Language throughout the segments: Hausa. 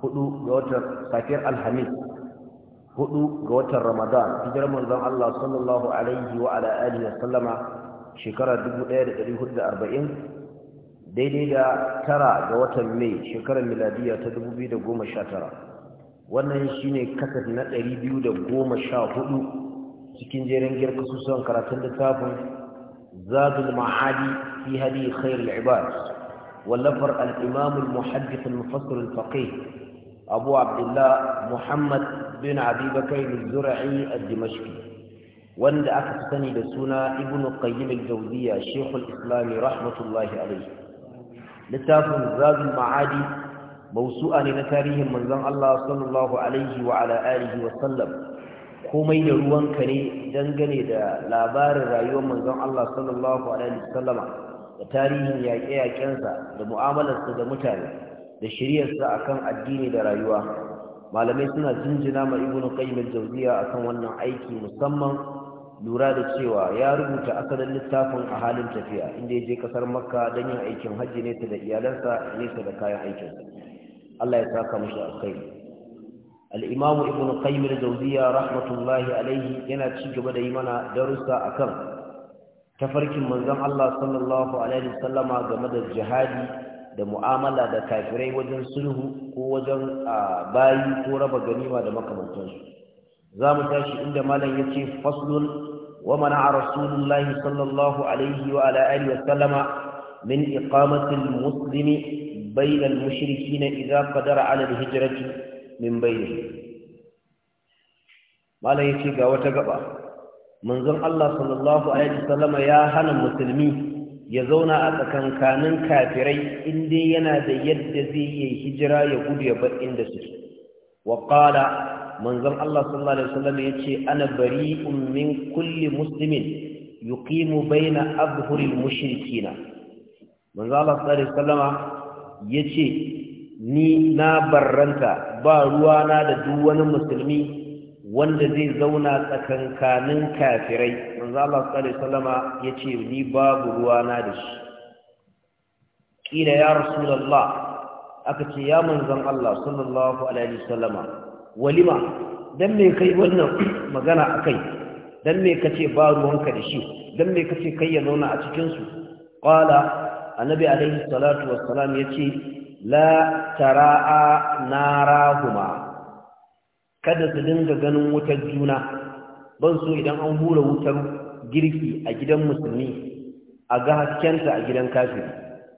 hudu ga watan safiyar alhamis hudu ga watan ramadan hijirar manzon Allah sallallahu alaihi wa ala alihi wa sallama shekara 1440 daidai da tara ga watan mai shekarar miladiya ta 2019 wannan shine kasar na 214 cikin jerin girka susan karatun littafin zadul ma'adi fi hadi khairul ibad wallafar al-imam al-muhaddith al-mufassir al-faqih أبو عبد الله محمد بن أبي بكر الزرعي الدمشقي وند أكتني بسنا ابن القيم الجوزية شيخ الإسلام رحمة الله عليه لتاف زاد المعادي موسوعة لنتاريه من زن الله صلى الله عليه وعلى آله وسلم komai da ruwanka ne dangane da labarin rayuwar manzon Allah sallallahu alaihi wasallama da tarihin yaƙe-yaƙensa da mu'amalarsa da mutane da shiryarsa akan addini da rayuwa malamai suna jinjina ma Ibnu qayyim al a akan wannan aiki musamman lura da cewa ya rubuta asalin littafin a halin tafiya inda ya je kasar makka don yin aikin hajji nesa da iyalansa nesa da kayan aikin Allah ya saka mashi alkhairi al-imamu ibn qayyim rahmatullahi alaihi yana ci gaba da yi mana darussa akan tafarkin manzon Allah sallallahu alaihi wasallama game da jihadi da mu'amala da kafirai wajen sulhu ko wajen bayi ko raba ganima da makamantansu za mu tashi inda malam ya ce faslun wa mana a rasulullahi sallallahu alaihi wa ala alihi wa sallama min iqamatil muslimi بين المشركين إذا قدر على الهجرة من بينهم ما لا يشيك وتقبع منظر Allah Sallallahu alaihi wa وسلم ya hana Musulmi? ya zauna a tsakankanin kafirai in dai yana da yadda zai yi hijira ya gudu ya bar inda suke wa manzon Allah sallallahu alaihi wasallam yace ana bari min kulli muslimin yuqimu baina abhuril mushrikina manzon Allah sallallahu alaihi wasallama yace ni na barranta ba ruwana da duk wani musulmi wanda zai zauna tsakankanin kafirai manzo Allah sallallahu alaihi wasallama yace ni babu ruwa na da shi kila ya rasulullah aka ce ya manzon Allah sallallahu alaihi wasallama walima dan me kai wannan magana akai dan me kace ba ruwanka da shi dan me kace kai ya zauna a cikin su qala annabi alaihi salatu wassalam yace la tara'a narahuma kada su dinga ganin wutar juna ban so idan an hura wutar girki a gidan musulmi a ga haskenta a gidan kafiri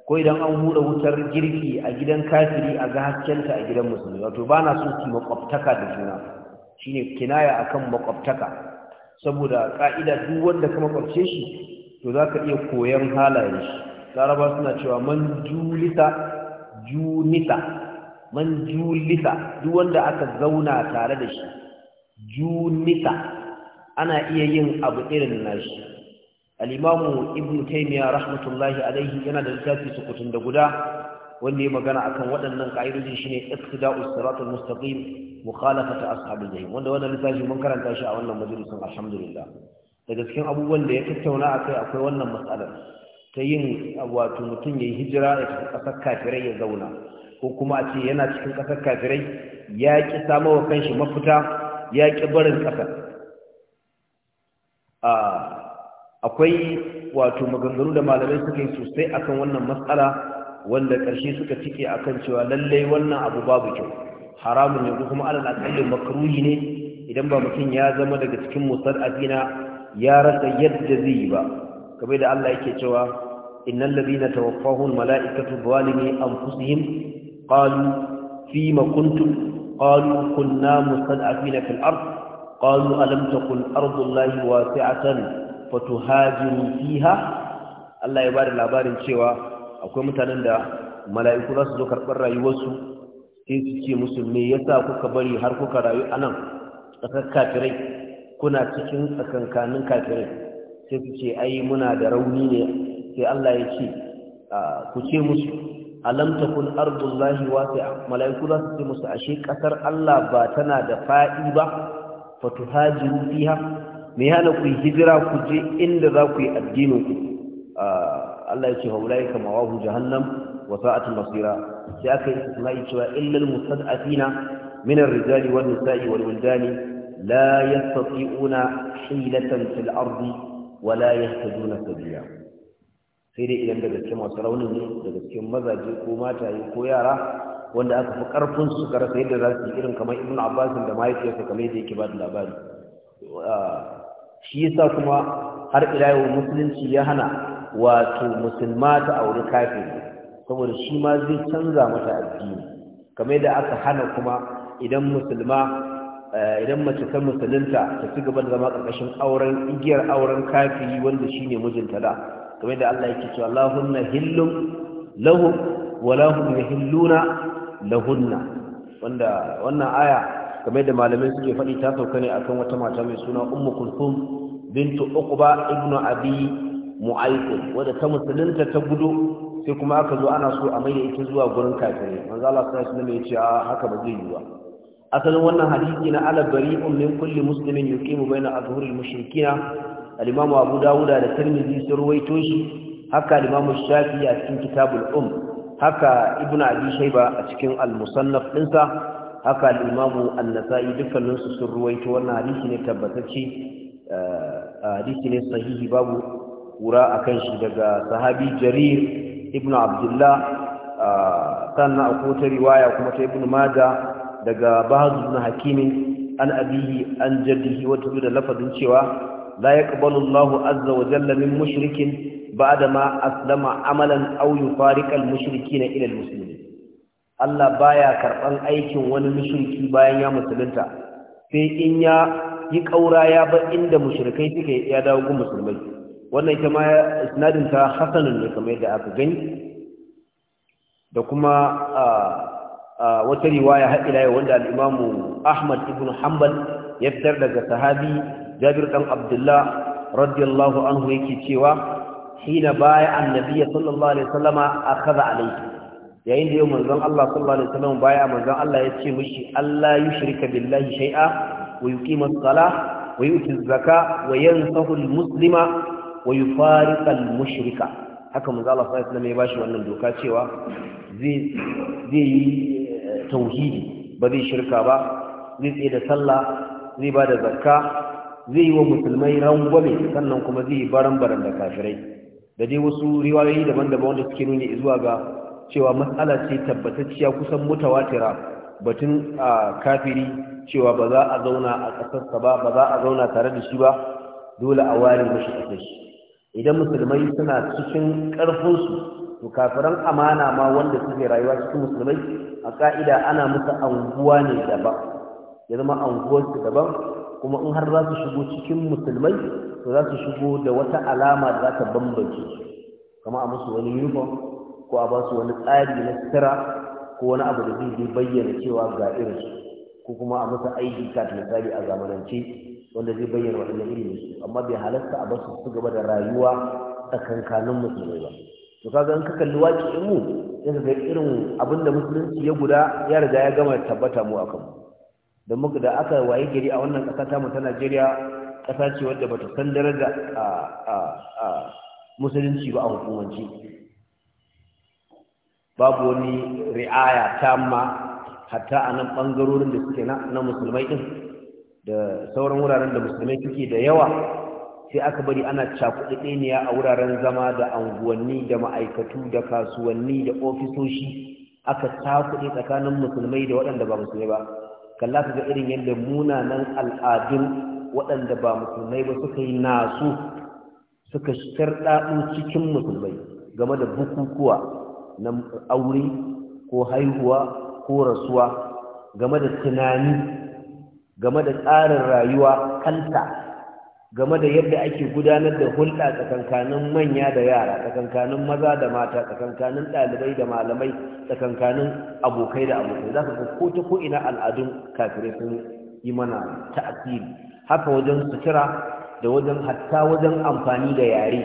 ko idan an hura wutar girki a gidan kafiri a ga haskenta a gidan musulmi wato ba na so su makwabtaka da juna shine kinaya akan makwabtaka saboda ka'ida duk wanda ka makwabce shi to za ka iya koyon halayen shi laraba suna cewa man julita junita man julisa duk wanda aka zauna tare da shi junisa ana iya yin abu irin nashi al-imamu ibnu taymiya rahmatullahi alaihi yana da littafi sukutun da guda wanda ya magana akan waɗannan ka'idojin shine iqtida'us siratal mustaqim mukhalafatu ashabil jahim wanda wannan littafi mun karanta shi a wannan majalisin alhamdulillah daga cikin abubuwan da ya tattauna akai akwai wannan matsalar ta yin wato mutum ya yi hijira ya tafi ƙasar kafirai ya zauna ko kuma a ce yana cikin ƙasar kafirai ya ƙi wa kanshi mafita ya ƙi barin ƙasar akwai wato maganganu da malamai suka yi sosai akan wannan matsala wanda ƙarshe suka cike akan cewa lallai wannan abu babu kyau haramun ne ko kuma alal aqalli makruhi ne idan ba mutum ya zama daga cikin musad'afina ya rasa yadda zai yi ba kamar da Allah yake cewa innal ladina tawaffahum malaikatu zalimi anfusihim قالوا فيما كنتم قالوا كنا مستضعفين في الأرض قالوا ألم تكن أرض الله واسعة فتهاجروا فيها الله يبارك labarin cewa akwai mutanen da mala'iku za su zo karɓar rayuwarsu sai su ce musu me yasa kuka bari har kuka rayu anan tsakar kafirai kuna cikin tsakankanin kafirai sai su ce ai muna da rauni ne sai Allah ya ce ku ce musu alam takun ardullahi amalaiku malaiku za su ce musu ashe kasar Allah ba tana da fa'i ba fatuhajiru fiha me yana ku hijira ku je inda za ku yi addinin ku Allah ya ce haulaika mawahu jahannam wa sa'atun masira sai aka yi isma'i cewa illal mustad'afina min ar-rijali wan nisa'i wal wildani la yastati'una hilatan fil ardi wa la yahtaduna sabila sai dai idan daga cikin masu raunin ne daga cikin mazaje ko mataye ko yara wanda aka fi karfin su suka rasa yadda za su yi irin kamar ibn abbas da mahaifiyarsa kamar yadda yake ba da labari ah, shi yasa kuma har ila yau musulunci ya hana wato musulma ta auri kafiri saboda shi ma zai canza mata addini kamar yadda aka hana kuma idan musulma eh, idan mace ta musulunta ta ci gaba da zama ƙarƙashin auren igiyar auren kafiri wanda shine mijinta da kamar da Allah yake cewa lahunna hillum lahum wa lahum yahilluna lahunna wanda wannan aya kamar da malamai suke faɗi ta sauka ne akan wata mata mai suna ummu kulthum bintu uqba ibnu abi mu'ayth wadda ta musulunta ta gudu sai kuma aka zo ana so a mai da ita zuwa gurin kafirai manzo Allah sallallahu alaihi wasallam ya ce ah, haka ba zai yi ba asalin wannan hadisi na ala bari'un min kulli muslimin yuqimu baina azhuril mushrikina al-imamu abu dawuda da tirmidhi sun ruwaito shi haka al shafi a cikin kitabul um haka ibnu abi shayba a cikin al-musannaf dinsa haka al-imamu an-nasa'i dukkanin su sun ruwaito wannan hadisi ne tabbatacce eh, hadisi ne sahihi babu wura akan shi daga sahabi jarir ibnu abdullah sannan akwai ta riwaya kuma ta ibnu majah daga bahaz ibn hakimin an abihi an jaddihi wato da lafazin cewa la yaqbalu azza wa jalla min mushrikin ba'da ma aslama amalan aw yufariqa al-mushrikeena ila Allah baya karɓan aikin wani mushriki bayan ya musulunta sai in ya yi kaura ya bar inda mushrikai suke ya dawo gun musulmai wannan ita ma isnadin ta hasanun ne kamar yadda aka gani da kuma wata riwaya har ila yau wanda al Ahmad ibn Hanbal ya fitar daga sahabi jabir dan abdullah radiyallahu anhu yake cewa hina baya annabi sallallahu alaihi wasallama akhadha alayhi yayin da yau manzon Allah sallallahu alaihi wasallam baya manzon Allah ya ce mishi Allah yushrika billahi shay'a wa yuqima as-salah wa yuti az-zaka wa yansahu al-muslima wa yufariqa al-mushrika haka manzon Allah sallallahu alaihi wasallam ya bashi wannan doka cewa zai zai yi eh, tauhidi ba zai shirka ba zai tsaye da sallah zai ba da zakka zai yi wa musulmai rangwame sannan kuma zai yi baran-baran da kafirai da dai wasu riwayoyi daban-daban wanda suke nuni zuwa ga cewa matsala ce tabbatacciya kusan mutawatira batun a kafiri cewa ba za a zauna a ƙasarsa ba ba za a zauna tare da shi ba dole a ware mashi a shi idan musulmai suna cikin ƙarfinsu to kafiran amana ma wanda suke rayuwa cikin musulmai a ka'ida ana musu anguwa ne daban ya zama anguwarsu daban kuma in har za su shigo cikin musulmai to za su shigo da wata alama da za ta bambance su kama a musu wani uniform ko a ba su wani tsari na sutura ko wani abu da zai bayyana cewa ga irin su ko kuma a musu ID card misali a zamanance wanda zai bayyana waɗannan irin su amma bai halasta a basu su gaba da rayuwa tsakankanin musulmai ba to kaga in ka kalli waƙi mu yanzu ga irin abinda da musulunci ya guda ya riga ya gama tabbata mu akan mu da muka da aka waye gari a wannan ƙasa ta ta Najeriya ƙasa ce wadda ta san daraja a a a musulunci ba a hukumance babu wani ri'aya tamma hatta a nan ɓangarorin da suke na musulmai ɗin da sauran wuraren da musulmai suke da yawa sai aka bari ana cakuɗaɗɗeniya a wuraren zama da anguwanni da ma'aikatu da kasuwanni da ofisoshi aka cakuɗe tsakanin musulmai da waɗanda ba musulmai ba kalla ka ga irin yadda munanan al'adun waɗanda ba musulmai ba suka yi nasu suka daɗin cikin musulmai game da bukukuwa na aure ko haihuwa ko rasuwa game da tunani game da tsarin rayuwa kanta game da yadda ake gudanar da hulɗa tsakankanin manya da yara tsakankanin maza da mata tsakankanin ɗalibai da malamai tsakankanin abokai da abokai za ka ga ko ta ko ina al'adun kafirai sun yi mana ta'asiri haka wajen sutura da wajen hatta wajen amfani da yare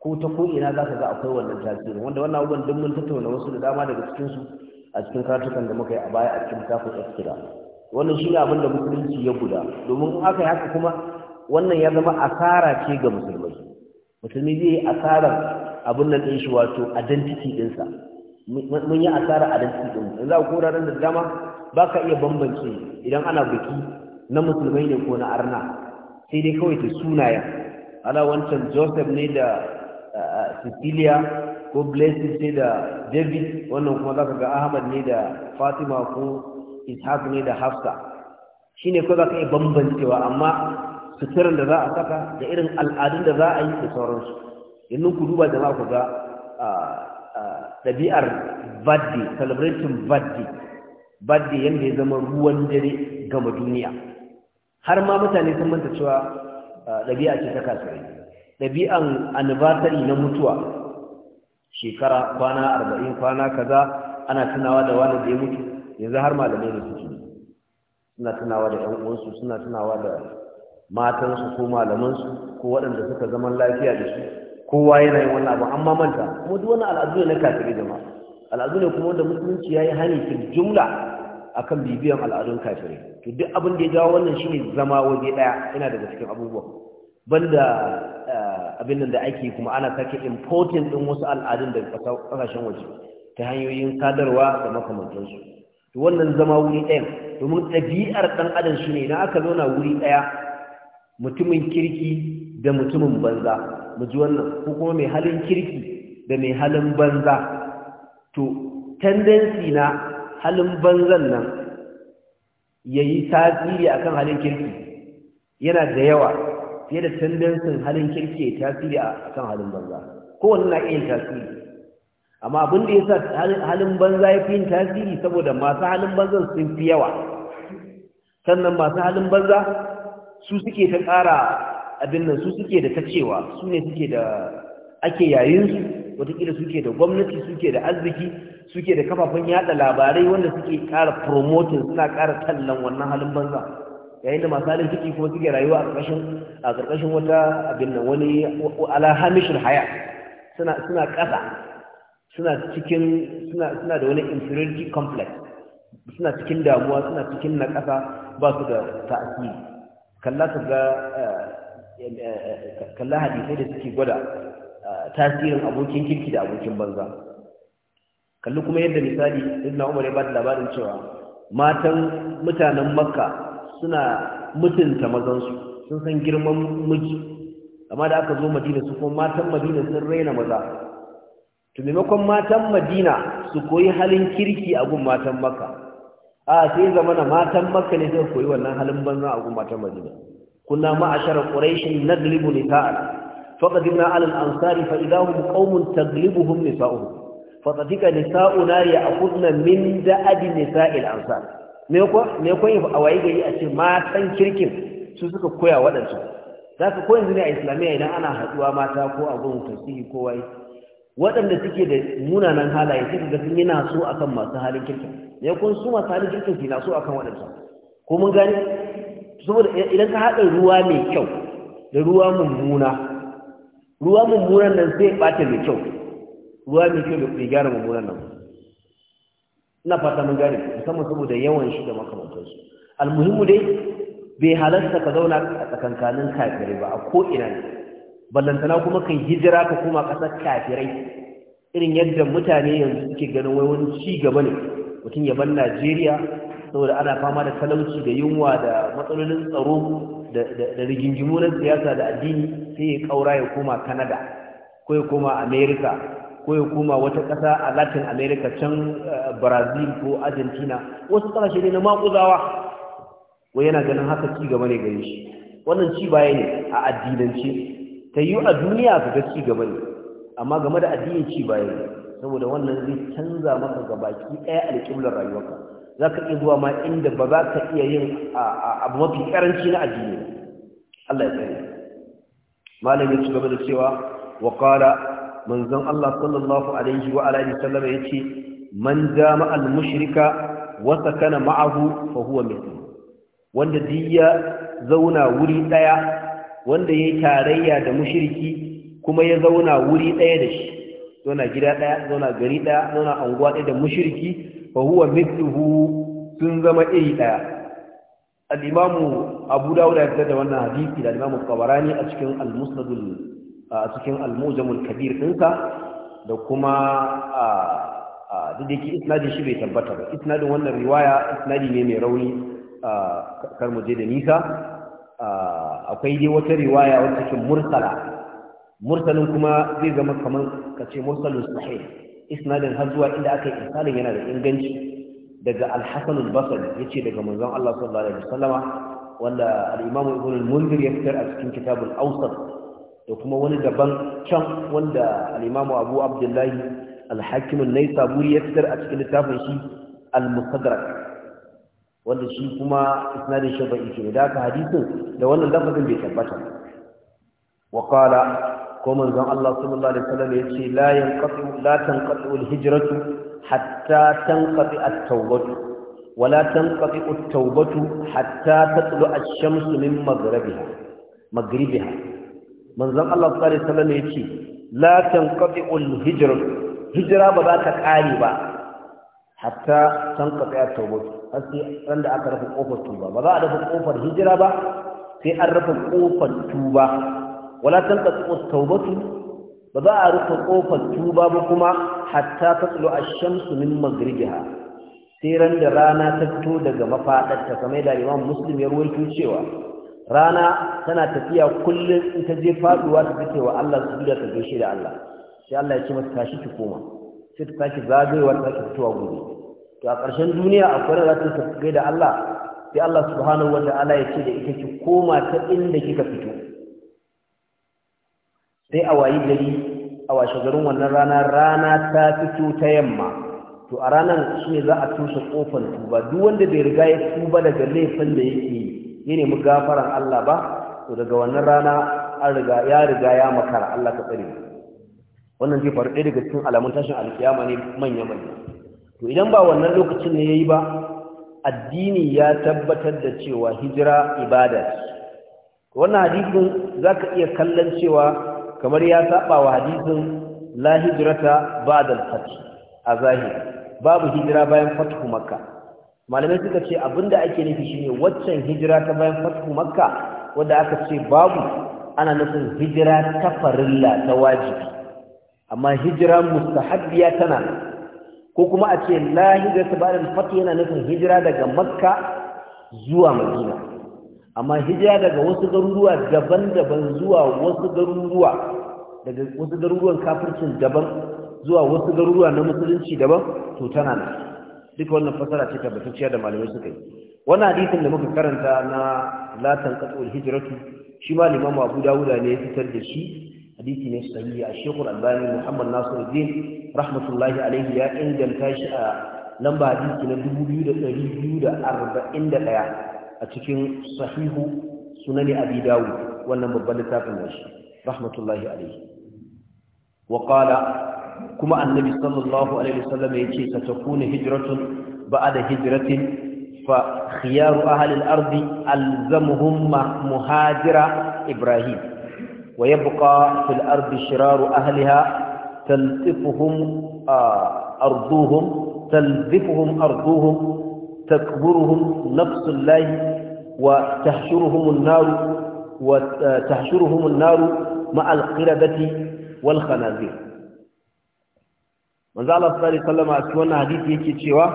ko ta ko ina za ka ga akwai wannan tasiri wanda wannan abubuwan duk mun tattauna wasu da dama daga cikin su a cikin karatukan da muka yi a baya a cikin kafin tsakira wannan shi ne abin da musulunci ya guda domin aka yi haka kuma wannan ya zama asara ce ga musulmai musulmi zai yi asarar abin nan ɗin shi wato identity ɗinsa mun yi asara identity ɗin yanzu a koraren da dama baka iya bambance idan ana biki na musulmai ne ko na arna sai dai kawai ta sunaya ana wancan joseph ne da cecilia ko blessed ne da david wannan kuma za ka ga ahmad ne da fatima ko ishaq ne da hafsa shine ko za ka iya bambancewa amma suturar da za a saka da irin al'adun da za a yi da sauransu yannin ku duba da ku ga ɗabi'ar birthday celebrating birthday birthday yadda ya zama ruwan dare gama duniya har ma mutane sun manta cewa ɗabi'a ce ta kasuwa ɗabi'an anniversary na mutuwa shekara kwana arba'in kwana kaza ana tunawa da wani da ya mutu yanzu har malamai da suke suna tunawa da 'yan uwansu suna tunawa da matansu ko malamansu ko waɗanda suka zaman lafiya da su kowa yana yin wannan abu amma manta kuma duk wannan al'adu ne na kafiri jama'a al'adu ne kuma wanda musulunci ya hani fil jumla akan bibiyan al'adun kafiri. to duk abin da ya jawo wannan shine zama waje daya yana daga cikin abubuwa banda eh, abin nan da ake kuma ana sake importing din wasu al'adun daga kasashen waje ta hanyoyin sadarwa da makamantansu to wannan zama wuri daya, domin ɗabi'ar ɗan adam shine idan aka zauna wuri daya? mutumin kirki da mutumin banza mu ji wannan ko kuma mai halin kirki da mai halin banza to tendency na halin banzan nan yayi tasiri akan halin kirki yana da yawa fiye da tendency halin kirki ya tasiri akan halin banza kowanne na iya tasiri amma abin da ya sa halin banza ya fi yin tasiri saboda masu halin banza sun fi yawa sannan masu halin banza su suke ta ƙara abin nan su suke da ta cewa su ne suke da ake yayinsu watakila suke da gwamnati suke da arziki suke da kafafen yaɗa labarai wanda suke ƙara promoting suna ƙara tallan wannan halin banza yayin da masu halin ciki kuma suke rayuwa a ƙarƙashin wata abin nan wani alhamishin haya suna ƙasa suna cikin suna da wani inferiority complex suna cikin damuwa suna cikin na ƙasa, ba su da ta'asiri kalla ka ga eh, eh, eh, kalla hadisai da suke gwada tasirin abokin kirki da abokin banza kalli kuma yadda misali ibn umar ya ba da labarin cewa matan mutanen makka suna mutunta mazansu sun san girman miji amma da aka zo madina su kuma matan madina sun raina maza to maimakon matan madina su koyi halin kirki a gun matan makka a sai zamana matan makka ne suka koyi wannan halin banza a matan madina kunna ma'ashara quraish naglibu nisa'a فقدمنا على الأنصار فإذا هم قوم تغلبهم نساؤهم فتلك نساؤنا يأخذن من دأب نساء الأنصار me yakon yi a waye gari a ce matan kirkin su suka koya waɗansu za ka koyan zuni a islamiyya idan ana haɗuwa mata ko a gun tasiri ko waye waɗanda suke da munanan halaye suka ga sun yi so akan masu halin kirkin ne kun su masu halin kirkin su so akan waɗansu ko mun gani saboda idan ka haɗa ruwa mai kyau da ruwa mummuna ruwa mummunan nan zai ɓata mai kyau ruwa mai kyau bai gyara mummunan nan ina fata mun gane musamman saboda yawan shi da makamantansu almuhimmu dai bai halarta ka zauna a tsakankanin kafirai ba a ko ina ne ballantana kuma kan hijira ka koma ƙasar kafirai irin yadda mutane yanzu suke ganin wai wani ci gaba ne mutum ya bar Najeriya saboda ana fama da talauci da yunwa da matsalolin tsaro da rigingimu na siyasa da addini sai ya kaura ya koma Kanada, ko ya koma America ko ya koma wata ƙasa a Latin America can eh, Brazil ko Argentina wasu ƙasashe ne na makuzawa wai yana ganin haka ci gaba ne gare shi wannan ci baya ne a addinance ta yi a duniya ka ga ci gaba ne amma game da addinin ci baya saboda wannan zai canza maka gabaki ɗaya alƙiblar rayuwarka za ka iya zuwa ma inda ba za ka iya yin abu mafi ƙaranci na addini Allah ya tsaye malam ya ci gaba da cewa wa ƙara manzon Allah sallallahu alaihi wa alihi sallama yace man jama al mushrika wa kana ma'ahu fa huwa wanda diya zauna wuri ɗaya. wanda ya yi tarayya da mushirki kuma ya zauna wuri ɗaya da shi zauna gida daya, zauna gari ɗaya zauna anguwa ɗaya da mushirki fa huwa mithluhu sun zama iri ɗaya al-imamu abu dawud ya fitar da wannan hadisi da al-imamu qabarani a cikin al musnad a cikin al al kabir ɗinka da kuma a duk da isnadin shi bai tabbata ba isnadin wannan riwaya isnadi ne mai rauni kar mu da nisa akwai dai wata riwaya wacce ke mursala mursalin kuma zai zama kamar kace mursalin sahih isnadin har zuwa inda aka yi isalin yana da inganci daga al-hasan ya ce yace daga manzon Allah sallallahu alaihi wasallama wanda al-imam ibn al ya fitar a cikin kitabul awsat da kuma wani daban can wanda al abu abdullahi al-hakim an-naisaburi ya fitar a cikin littafin shi al-mustadrak wanda shi kuma isnadin shi bai ke da haka hadisin da wannan lafazin bai tabbata wa qala ko manzon Allah sallallahu alaihi wasallam yace la yanqatu la tanqatu al-hijratu hatta tanqati at-tawbatu wa la tanqati at-tawbatu hatta tatlu ash-shamsu min maghribiha maghribiha manzon Allah sallallahu alaihi wasallam yace la tanqati al-hijratu hijra ba za ta kare ba hatta tanqati at-tawbatu har ran da aka rufe kofar tuba ba za a rufe kofar hijira ba sai an rufe kofar tuba wala tanqatu ta'ubatu, ba za a rufe kofar tuba ba kuma hatta tatlu a shamsu min maghribiha sai ran da rana ta fito daga mafadarta kamar da Imam Muslim ya ruwaito cewa rana tana tafiya kullum in ta je faduwa ta fice wa Allah su da ta gaishe da Allah sai Allah ya ce mata tashi ki koma sai ta tashi zagayewa ta tashi fitowa gobe to a ƙarshen duniya akwai da za ta da Allah sai Allah subhanahu wa ta'ala ya ce da ita ki koma ta inda kika fito sai a wayi gari a washe garin wannan rana rana ta fito ta yamma to a ranar shi ne za a tushe kofar tuba duk wanda bai riga ya tuba daga laifin da yake yi ya nemi gafaran Allah ba to daga wannan rana an riga ya riga ya makara Allah ka tsare wannan zai faru ɗaya daga cikin alamun tashin alkiyama ne manya-manya to idan ba wannan lokacin ne ya yi ba addini ya tabbatar da cewa hijira ibada ce wannan hadisin zaka iya kallon cewa kamar ya saba wa hadisin la hijrata ba'da fath a zahiri babu hijira bayan fathu makka malamai suka ce abinda ake nufi shine waccan hijira ta bayan fathu makka wanda aka ce babu ana nufin hijira ta farilla ta wajibi amma hijira mustahabbiya tana ko kuma a ce la hijrata ba'da al yana nufin hijira daga makka zuwa madina amma hijira daga wasu garuruwa daban-daban zuwa wasu garuruwa daga wasu garuruwan kafircin daban zuwa wasu garuruwa na musulunci daban to tana nan duka wannan fasara ce tabbatacciya da malamai suka yi wannan hadisin da muka karanta na latan tanqatu hijiratu hijratu shi ma limamu Abu Dawud ne ya fitar da shi hadisi ne sahihi a shekul albani muhammad nasiruddin rahmatullahi alaihi ya inganta shi a lamba hadisi na 2241 a cikin sahihu sunani abi dawud wannan babban littafin da shi rahmatullahi alaihi wa qala kuma annabi sallallahu alaihi wasallam yace satakuna hijratun da hijratin fa khiyaru ahli arzi ardi alzamuhum muhajira ibrahim ويبقى في الأرض شرار أهلها تلتفهم آه، أرضوهم تلذفهم أرضوهم تكبرهم نفس الله وتحشرهم النار وتحشرهم النار مع القردة والخنازير من ذا الله صلى الله عليه وسلم أتوانا حديث يكي تشيوا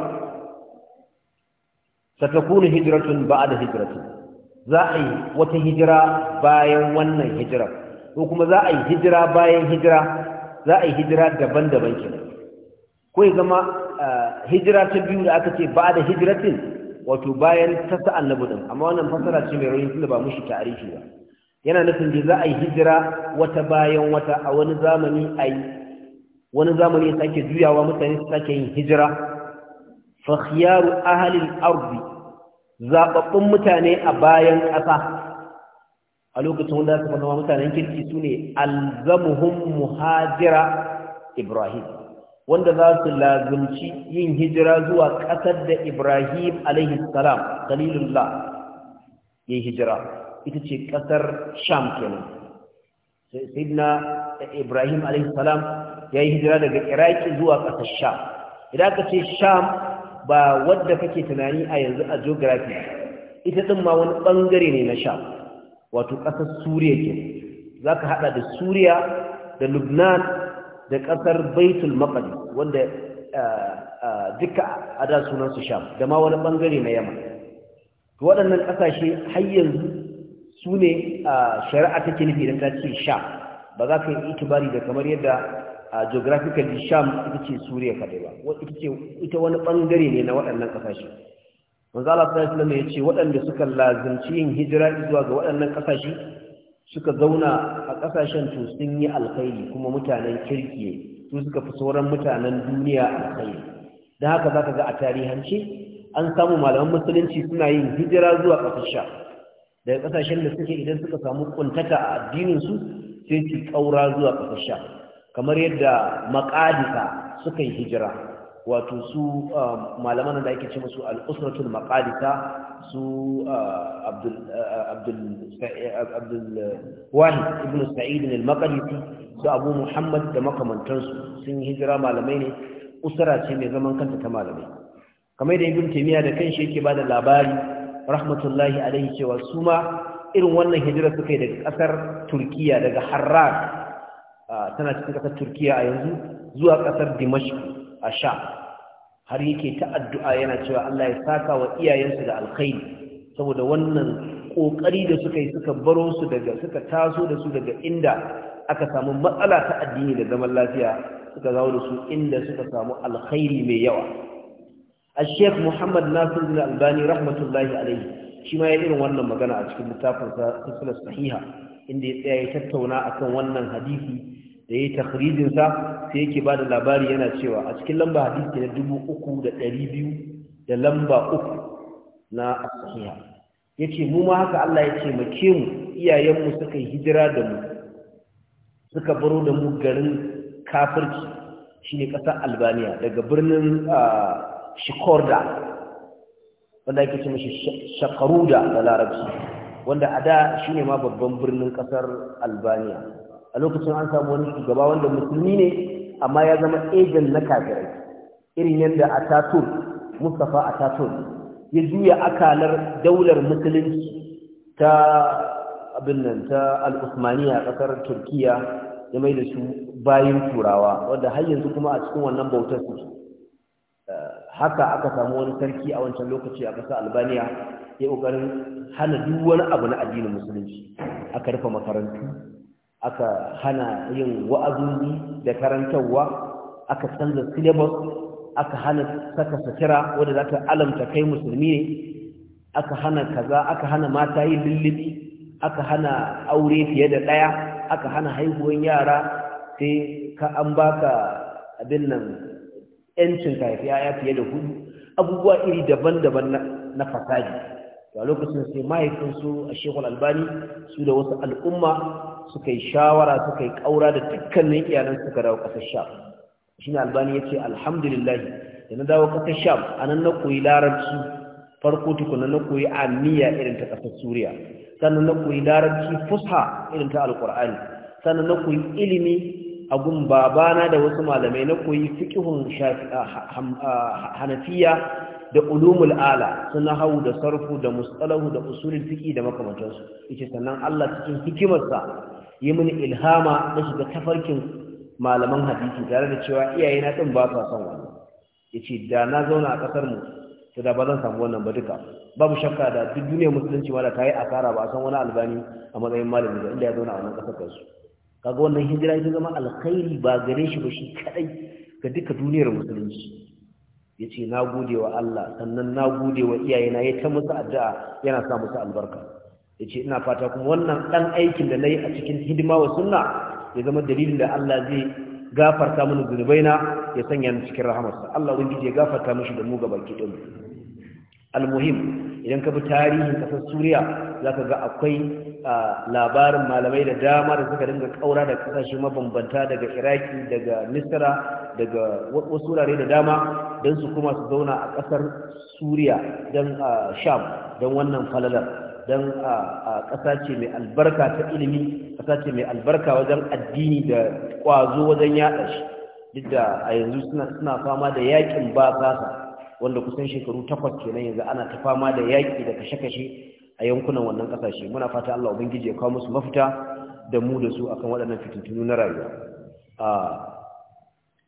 ستكون هجرة بعد هجرة ذاعي وتهجرة باين ونن هجرة ko kuma za a yi hijira bayan hijira za a yi hijira daban-daban kenan ko ya zama hijira ta biyu da aka ce ba da hijiratin wato bayan ta sa'an na budin amma wannan fasara ce mai rauni tunda ba mushi tarihi ba yana nufin da za a yi hijira wata bayan wata a wani zamani a yi wani zamani ya sake juyawa mutane su sake yin hijira fa khiyaru ahli al-ardi zababbun mutane a bayan ƙasa a lokacin wanda za su zama mutanen kirki su ne alzamuhum muhajira ibrahim wanda za su lazumci yin hijira zuwa ƙasar da ibrahim alaihissalam Dalilullah, ya yi hijira ita ce ƙasar sham kenan sayyidina ibrahim alaihissalam ya yi hijira daga iraki zuwa ƙasar sham idan ka ce sham ba wadda kake tunani a yanzu a geography ita ɗin ma wani ɓangare ne na sham wato ƙasar suriya ke za ka haɗa da suriya da lubnan da ƙasar baitul maƙali wanda eh, eh, duka a da sunansu sham da ma wani ɓangare na yamma waɗannan ƙasashe har yanzu su ne eh, shari'a take nufi idan ta ce sham ba za ka yi itibari da kamar yadda a geographically sham ita ce suriya kaɗai ba ita wani ɓangare ne na waɗannan ƙasashe manzo Allah sallallahu alaihi ya ce waɗanda suka lazimci yin hijira zuwa ga waɗannan ƙasashe suka zauna a ƙasashen to sun yi alkhairi kuma mutanen kirki su suka fi sauran mutanen duniya alkhairi dan haka zaka ga a tarihance an samu malaman musulunci suna yin hijira zuwa ƙasashe daga ƙasashen da suke idan suka samu kuntata a addinin su sai su ƙaura zuwa ƙasashen, kamar yadda maƙadisa suka yi hijira wato su ah, malaman da ake ce musu al'usratul maqalita su ah, ah, abdul wahid ibn sa'id al-maqalisi su abu muhammad da makamantansu sun hijira malamai ne usra ce mai zaman kanta ta malamai kamar da ibn taymiya da kanshi yake bada labari rahmatullahi alaihi cewa su ma irin wannan hijira suka yi daga kasar turkiya daga harrar tana cikin kasar turkiya a yanzu zuwa kasar dimashq a sha har yake ta addu'a yana cewa Allah ya saka wa iyayensu da alkhairi saboda wannan ƙoƙari da suka yi suka baro su daga suka taso da su daga inda aka samu matsala ta addini da zaman lafiya suka zawo da su inda suka samu alkhairi mai yawa Muhammad الشيخ محمد ناصر بن الباني irin wannan magana a cikin وانا مغانا اشكل sahiha, inda ya اندي tattauna akan wannan hadisi. da ya yi takhrijinsa sai yake ba da labari yana cewa a cikin lamba hadisi na dubu uku da ɗari biyu da lamba uku na asahiya ya ce mu ma haka Allah ya ce mace mu iyayenmu suka yi hijira da mu suka baro da mu garin kafirci ne ƙasar albaniya daga birnin shikorda wanda ake ce mashi shakaruda da larabci wanda a da shi ne ma babban birnin ƙasar albaniya a lokacin an samu wani shugaba wanda musulmi ne amma ya zama ejen na kafirai irin yadda atatur mustafa atatur ya juya akalar daular musulunci ta abin nan ta al'usmaniya ƙasar turkiya ya mai da su bayan turawa wadda har yanzu kuma a cikin wannan bautar su haka aka samu wani sarki a wancan lokaci a ƙasar albaniya ya ƙoƙarin hana duk wani abu na addinin musulunci a rufe makarantu aka hana yin wa'azuni da karantarwa aka canza syllabus aka hana saka satira wanda za ta alamta kai musulmi ne aka hana kaza aka hana mata yin lullubi aka hana aure fiye da ɗaya aka hana haihuwar yara sai ka an baka abin nan yancin haifi ya fiye da hudu abubuwa iri daban-daban na fasadi a lokacin sai mahaifinsu a shekul albani su da wasu al'umma suka yi shawara suka yi ƙaura da dukkanin iyalan suka dawo ƙasar sham shi ne albani ya ce alhamdulillahi da na dawo ƙasar sham a nan na koyi larabci farko tukuna na koyi amiya irin ta ƙasar suriya sannan na koyi larabci fusha irin ta alƙur'ani sannan na koyi ilimi a gun babana da wasu malamai na koyi fiƙihun ah, ah, hanafiya da ulumul ala suna hau da sarfu da musalahu da usulin fiqi da makamantansu yace sannan Allah cikin hikimarsa yi mini ilhama na shiga tafarkin malaman hadisi tare da cewa iyaye na din ba sa son Ya ce da na zauna a kasar mu to da ba zan samu wannan ba duka babu shakka da duk duniyar musulunci ma da a asara ba a san wani albani a matsayin malami da inda ya zauna a wannan ƙasar kansu kaga wannan hijira ya zama alkhairi ba gare shi ba shi kaɗai ga duka duniyar musulunci Ya ce na gode wa Allah sannan na gode wa iyayena ya ta musu addu'a yana sa musu albarka ya ce ina fata kuma wannan ɗan aikin da na yi a cikin hidima wa sunna ya zama dalilin da Allah zai gafarta mini zunubaina ya sanya ni cikin rahamarsa Allah ubangiji ya gafarta mishi da mu ga baki ɗin almuhim idan ka bi tarihin ƙasar suriya za ka ga akwai labarin malamai da dama da suka dinga ƙaura da ƙasashe mabambanta daga iraki daga nisra daga wasu wurare da dama don su kuma su zauna a ƙasar suriya don sham don wannan falalar don a ƙasa ce mai albarka ta ilimi ƙasa mai albarka wajen addini da ƙwazo wajen yaɗa shi duk da a yanzu suna fama da yaƙin ba sasa wanda kusan shekaru takwas kenan yanzu ana ta fama da yaƙi da kashe-kashe a yankunan wannan ƙasashe muna fata Allah ubangiji ya kawo musu mafita da mu da su akan waɗannan fitintunu na rayuwa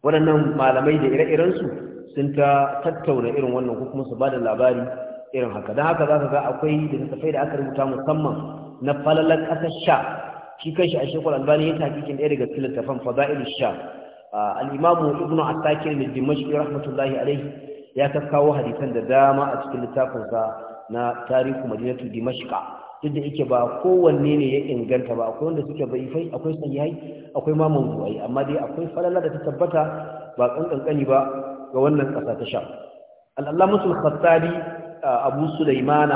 waɗannan malamai da ire-irensu sun ta tattauna irin wannan ko kuma su ba da labari irin haka don haka za ka ga akwai da littattafai da aka rubuta musamman na falalar ƙasar sha shi kanshi a shekul albani ya tafikin ɗaya daga cikin littattafan fada'il sha al'imamu ibn asakir da dimashi rahmatullahi alaihi ya kawo hadisan da dama a cikin littafinsa na tarihu madinatu dimashqa duk da yake ba kowanne ne ya inganta ba akwai wanda suke baifai akwai sahihai akwai ma mawdu'ai amma dai akwai falala da ta tabbata ba kankankani ba ga wannan kasa ta sha al-Allamah khattabi abu sulaimana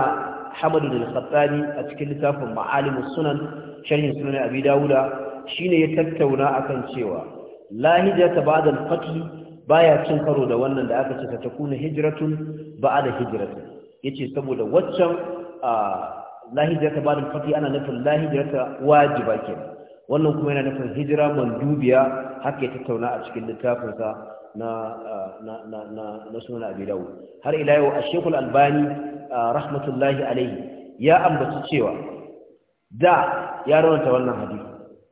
hamadu da al a cikin littafin ma'alimus sunan sharhin sunan abi dawuda shine ya tattauna akan cewa lahija ta ba'da al-fath baya cin karo da wannan da aka ce ta takuna hijratun ba'da hijratun yace saboda waccan lahija ta ba'da al-fath ana nufin lahijata wajiba kenan wannan kuma yana nufin hijira mandubiya haka ya tattauna a cikin littafinsa na sunan abi har ila yau ashekul albani rahmatullahi alaihi ya ambaci cewa da ya rawanta wannan hadisi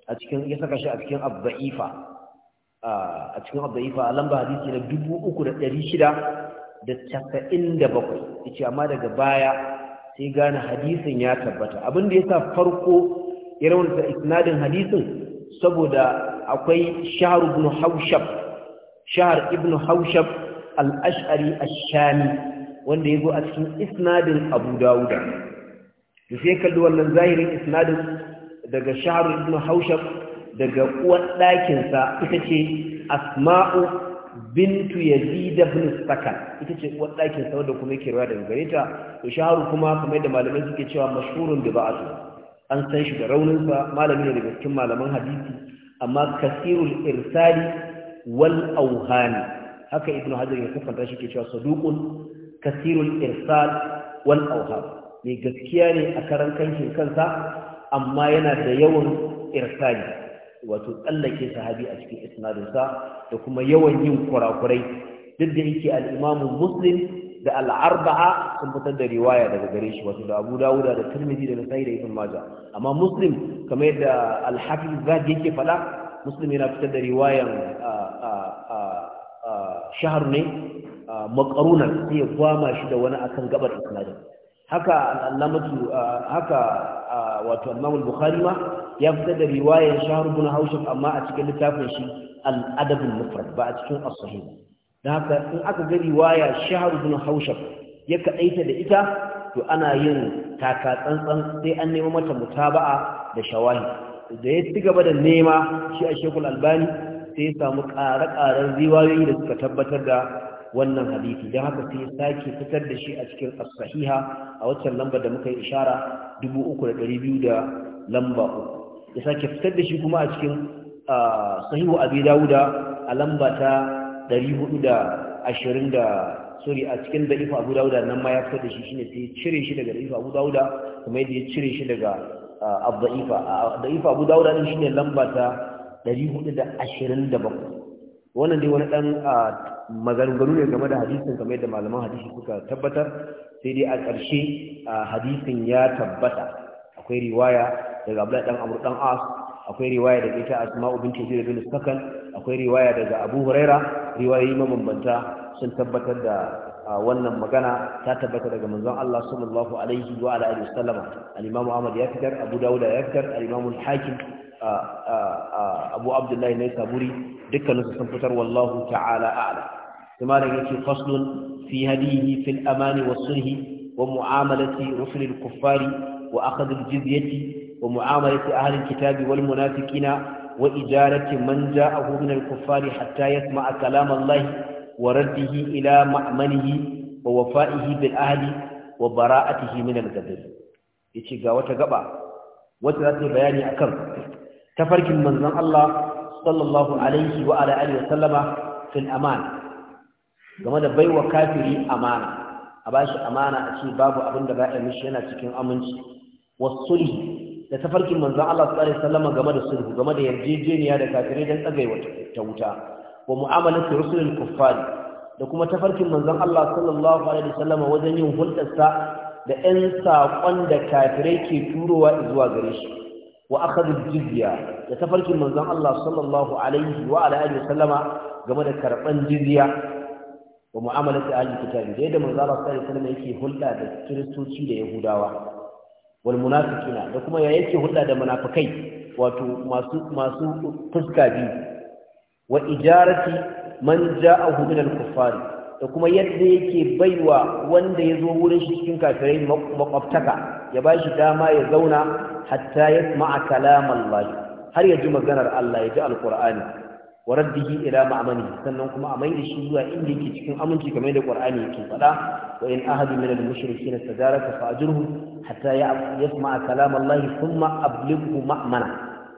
a cikin ya saka shi a cikin abda'ifa a cikin lamba hadisi na 3697 yace amma daga baya sai gane hadisin ya tabbata abin da sa farko ya rawanta isnadin hadisin saboda akwai shahr ibn haushab shahar ibn haushab al-ash'ari Ashami, wanda ya zo a cikin isnadin abu dawuda to sai kalli wannan zahirin isnadin daga shahar ibn haushab daga uwan ɗakin ita ce asma'u bintu yazid Bin sakan ita ce uwar ɗakin sa wanda kuma yake rawa daga gareta to shahar kuma kamar da malamai suke cewa mashhurun bi ba'atu an san shi da rauninsa malami ne daga cikin malaman hadisi amma kasirul irsali wal auhani haka ibnu hajar ya kufanta shi ke cewa saduqun kasirul irsal wal auham mai gaskiya ne a karan kankin kansa amma yana da yawan irsali wato tsallake sahabi a cikin isnadinsa da kuma yawan yin kurakurai duk da yake al'imamu muslim da al'arba'a sun fitar da riwaya daga gare shi wato da abu dawuda da turmizi da nasai da ibn maja amma muslim kamar yadda alhafiz zaki yake faɗa muslim yana fitar da riwaya. shahar ne makarunan sai ya kwama shi da wani akan gabar isnadin haka al'amatu haka wato al bukhari ma ya fita da riwayar shahar ibn haushab amma a cikin littafin shi al-adab al-mufrad ba a cikin as-sahih dan haka in aka ga riwaya shahar ibn haushab ya kadaita da ita to ana yin taka tsantsan sai an nemo mata mutaba'a da shawahi da ya ci gaba da nema shi a shekul albani sai ya samu ƙare-ƙaren riwayoyi da suka tabbatar da wannan hadisi don haka sai ya sake fitar da shi a cikin sahiha a waccan lamba da muka yi ishara 3200 da lamba uku ya sake fitar da shi kuma a cikin sahihu abi dawuda a lamba ta 420 da sori a cikin da ifa abu dawuda nan ma ya fitar da shi shine sai ya cire shi daga ifa abu dawuda kuma yadda ya cire shi daga abda'ifa abda'ifa abu dawuda din shine lamba ta 427 wannan dai wani dan maganganu ne game da hadisin kamar yadda malaman hadisi suka tabbatar sai dai a ƙarshe hadisin ya tabbata akwai riwaya daga Abdullahi dan Amr dan As akwai riwaya daga ita Asma'u binti Zaid bin Sakan akwai riwaya daga Abu Huraira riwayoyi mabambanta sun tabbatar da wannan magana ta tabbata daga manzon Allah sallallahu alaihi wa alihi wasallama al-Imam Ahmad ya fitar Abu Dawud ya fitar al-Imam al-Hakim abu abdullahi na saburi dukkaninsu sun fitar wallahu ta'ala a'ala sai malam yake faslun fi hadihi fil amani wa sulhi wa mu'amalati rusulil kuffari wa akhdh al jizyati wa mu'amalati ahli al kitabi wal munafiqina wa ijarati man ja'ahu min al kuffari hatta yasma'a kalam Allah wa raddihi ila ma'manihi wa wafa'ihi bil ahli wa bara'atihi min al ghadab yace ga wata gaba wata za ta bayani akan tafarkin manzon Allah sallallahu alaihi wa ala alihi wasallama fil amana game da baiwa kafiri amana a bashi amana a ce babu abin da ba a mishi yana cikin aminci wasulhi da tafarkin manzon Allah sallallahu alaihi wasallama game da sulhu game da yarjejeniya da kafirai dan tsagaiwa ta wuta wa mu'amalatu rusulil kuffar da kuma tafarkin manzon Allah wajen yin hulɗarsa da 'yan saƙon da kafirai ke turowa zuwa gare shi wa akhadhu da tafarkin manzon Allah sallallahu alaihi wa ala alihi sallama game da karban jizya wa mu'amalati ahli kitabi da yadda manzon Allah sallallahu alaihi yake hulɗa da kiristoci da yahudawa wal munafiqina da kuma ya yake hulɗa da munafikai wato masu masu fuska biyu wa ijarati man ja'ahu min al-kuffari da kuma yadda yake baiwa wanda ya zo wurin shi cikin kafirai makwabtaka ya ba shi dama ya zauna hatta ya ma'a kalaman lahi har ya ji maganar Allah ya ji alƙur'ani wa raddihi ila ma'amani sannan kuma a maida shi zuwa inda yake cikin aminci kamar yadda ƙur'ani yake faɗa wa in ahadu min al-mushrikeena tadaraka fa'jurhu hatta yasma'a kalam Allah thumma ablighu ma'mana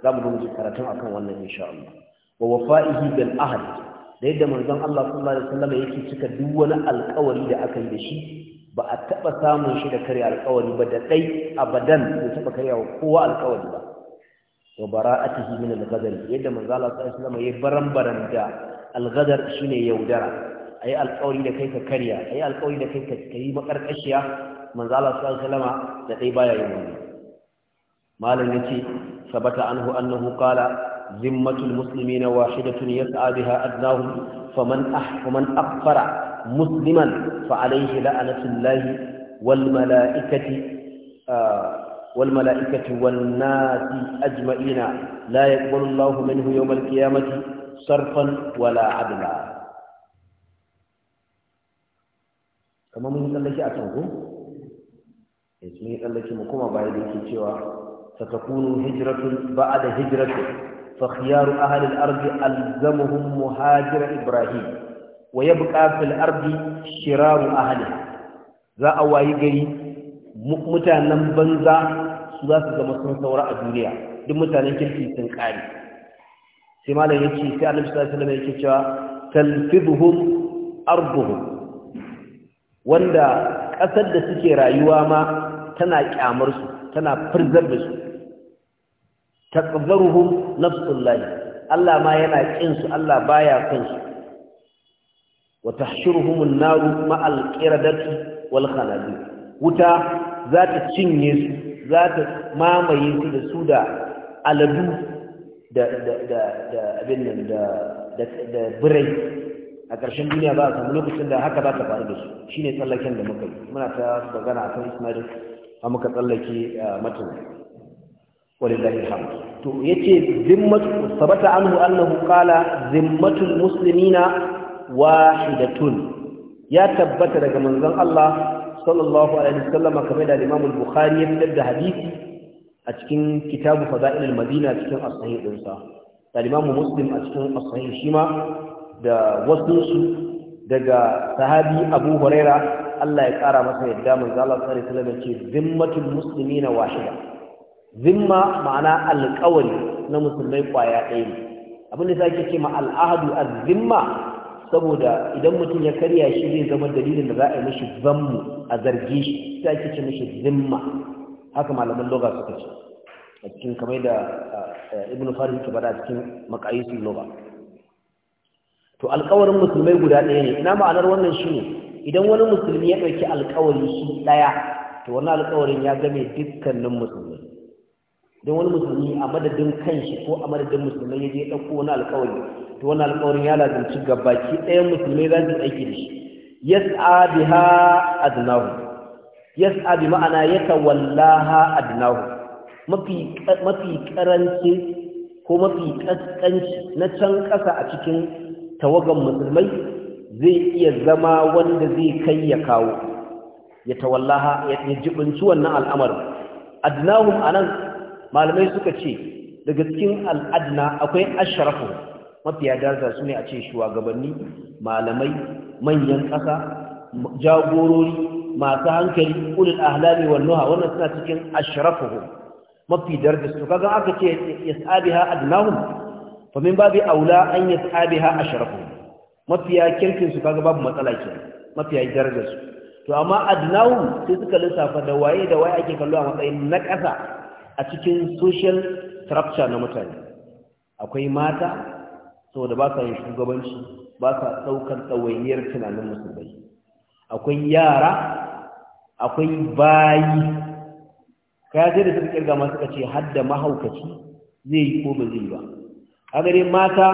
zamu rubuta karatun akan wannan insha Allah wa wafa'ihi bil ahadi. da yadda manzon Allah sallallahu alaihi wasallam yake cika duk wani alƙawari da aka yi da shi ba a taɓa samun shi da karya alƙawari ba da ɗai abadan ya taɓa karya kowa alƙawari ba wa bara'atihi min al-ghadar yadda manzo Allah sallallahu alaihi wasallam ya barambaran da al-ghadar shine yaudara ayi alƙawari da kai ka karya ayi alƙawari da kai ka kai makarkashiya manzo Allah sallallahu alaihi wasallam da ɗai baya yin wannan malam yace sabata anhu annahu qala ذمة المسلمين واحدة يسعى بها أدناهم فمن أح فمن أكفر مسلما فعليه لعنة الله والملائكة آه والملائكة والناس أجمعين لا يقبل الله منه يوم القيامة صرفا ولا عدلا kamar mun yi tsallake a can ko? ya sun yi tsallake mu kuma baya da yake cewa satakunu hijiratun ba'a da hijiratun فخيار أهل الأرض Ibrahim مهاجر إبراهيم ويبقى في الأرض شرار أهلها za a wayi gari mutanen banza su za zama sun saura a duniya duk mutanen kirki sun kare sai malam ya ce sai annabi sallallahu alaihi wasallam cewa talfiduhum arduhum wanda ƙasar da suke rayuwa ma tana kyamarsu su tana furzar taqbaruhum nafsullahi Allah ma yana kin su Allah baya kin su wa tahshuruhum an-nar ma qiradati wal khanadi wuta za ta cinye su za ta mamaye su da su da aladu da da da abin nan da da birai a ƙarshen duniya za a samu lokacin da haka za ta faru da su shine tsallaken da muka yi muna ta magana akan Ismail a muka tsallake ah, matan walillahi alhamd to yace zimmatu sabata anhu annahu qala zimmatul muslimina wahidatun ya tabbata daga manzon Allah sallallahu alaihi wasallam kamar da Imam bukhari ya fitar da hadisi a cikin kitabu al madina cikin as-sahih dinsa da Imam Muslim a cikin as-sahih shima da wasu su daga sahabi Abu Huraira Allah ya kara masa yadda manzo Allah sallallahu alaihi wasallam ya ce zimmatul muslimina wahida zimma ma'ana alƙawari na musulmai kwaya ɗaya ne abin da sake ce ma al'ahadu a zimma saboda idan mutum ya karya shi zai zama dalilin da za a yi mishi zammu a zargi shi ta ke ce mishi zimma haka malaman loga suka ce a cikin kamar da ibn farin ke bada cikin makayisul loga to alƙawarin musulmai guda ɗaya ne ina ma'anar wannan shi ne idan wani musulmi ya ɗauki alƙawari shi ɗaya to wani alƙawarin ya game dukkanin musulmai don wani musulmi a madadin kanshi ko a madadin musulmai ya je ya ɗauko wani alkawari to wani alkawarin ya lazanci gabaki ɗayan musulmai za su aiki da shi yas'a biha adnahu yas'a bi ma'ana yatawallaha adnahu mafi mafi karanci ko mafi kaskanci na can ƙasa a cikin tawagan musulmai zai iya zama wanda zai kai ya kawo ya tawallaha ya jibinci wannan al'amarin a nan. malamai suka ce daga cikin al'adna akwai ashrafu mafiya daraja su ne a ce shugabanni malamai manyan ƙasa jagorori masu hankali ulul ahlami wan nuha wannan suna cikin ashrafuhum mafi daraja su kaga aka ce ha adnahum fa min babi aula an ha ashrafuhum mafiya kirkin su kaga babu matsala ke mafiya daraja su to amma adnahum sai suka lissafa da waye da waye ake kallo a matsayin na ƙasa a cikin social structure na mutane akwai mata saboda ba sa yin shugabanci ba sa ɗaukar tsawainiyar tunanin musulmai akwai yara akwai bayi kayaje da suka kirga masu kace har da mahaukaci zai yi ko ba zai yi ba a gare mata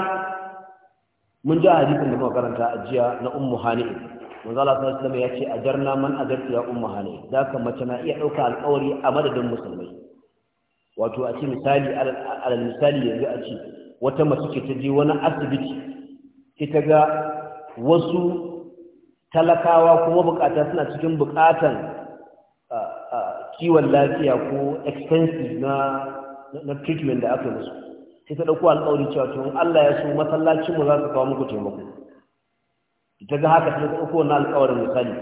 mun ji a hadisin da muka karanta a jiya na ummu hani'in manzo Allah sallallahu alaihi wasallam ya ce ajarna man ajarta ya ummu hani'in zaka mace na iya ɗauka alƙawari a madadin musulmai wato a ce misali alal misali yanzu a ce wata mace ke ta je wani asibiti ita ga wasu talakawa kuma bukata suna cikin bukatan kiwon lafiya ko expenses na na treatment da aka musu sai ta dauko alƙawari cewa to Allah ya so masallacin mu za su kawo muku taimako ita ga haka ta dauko wannan alƙawarin misali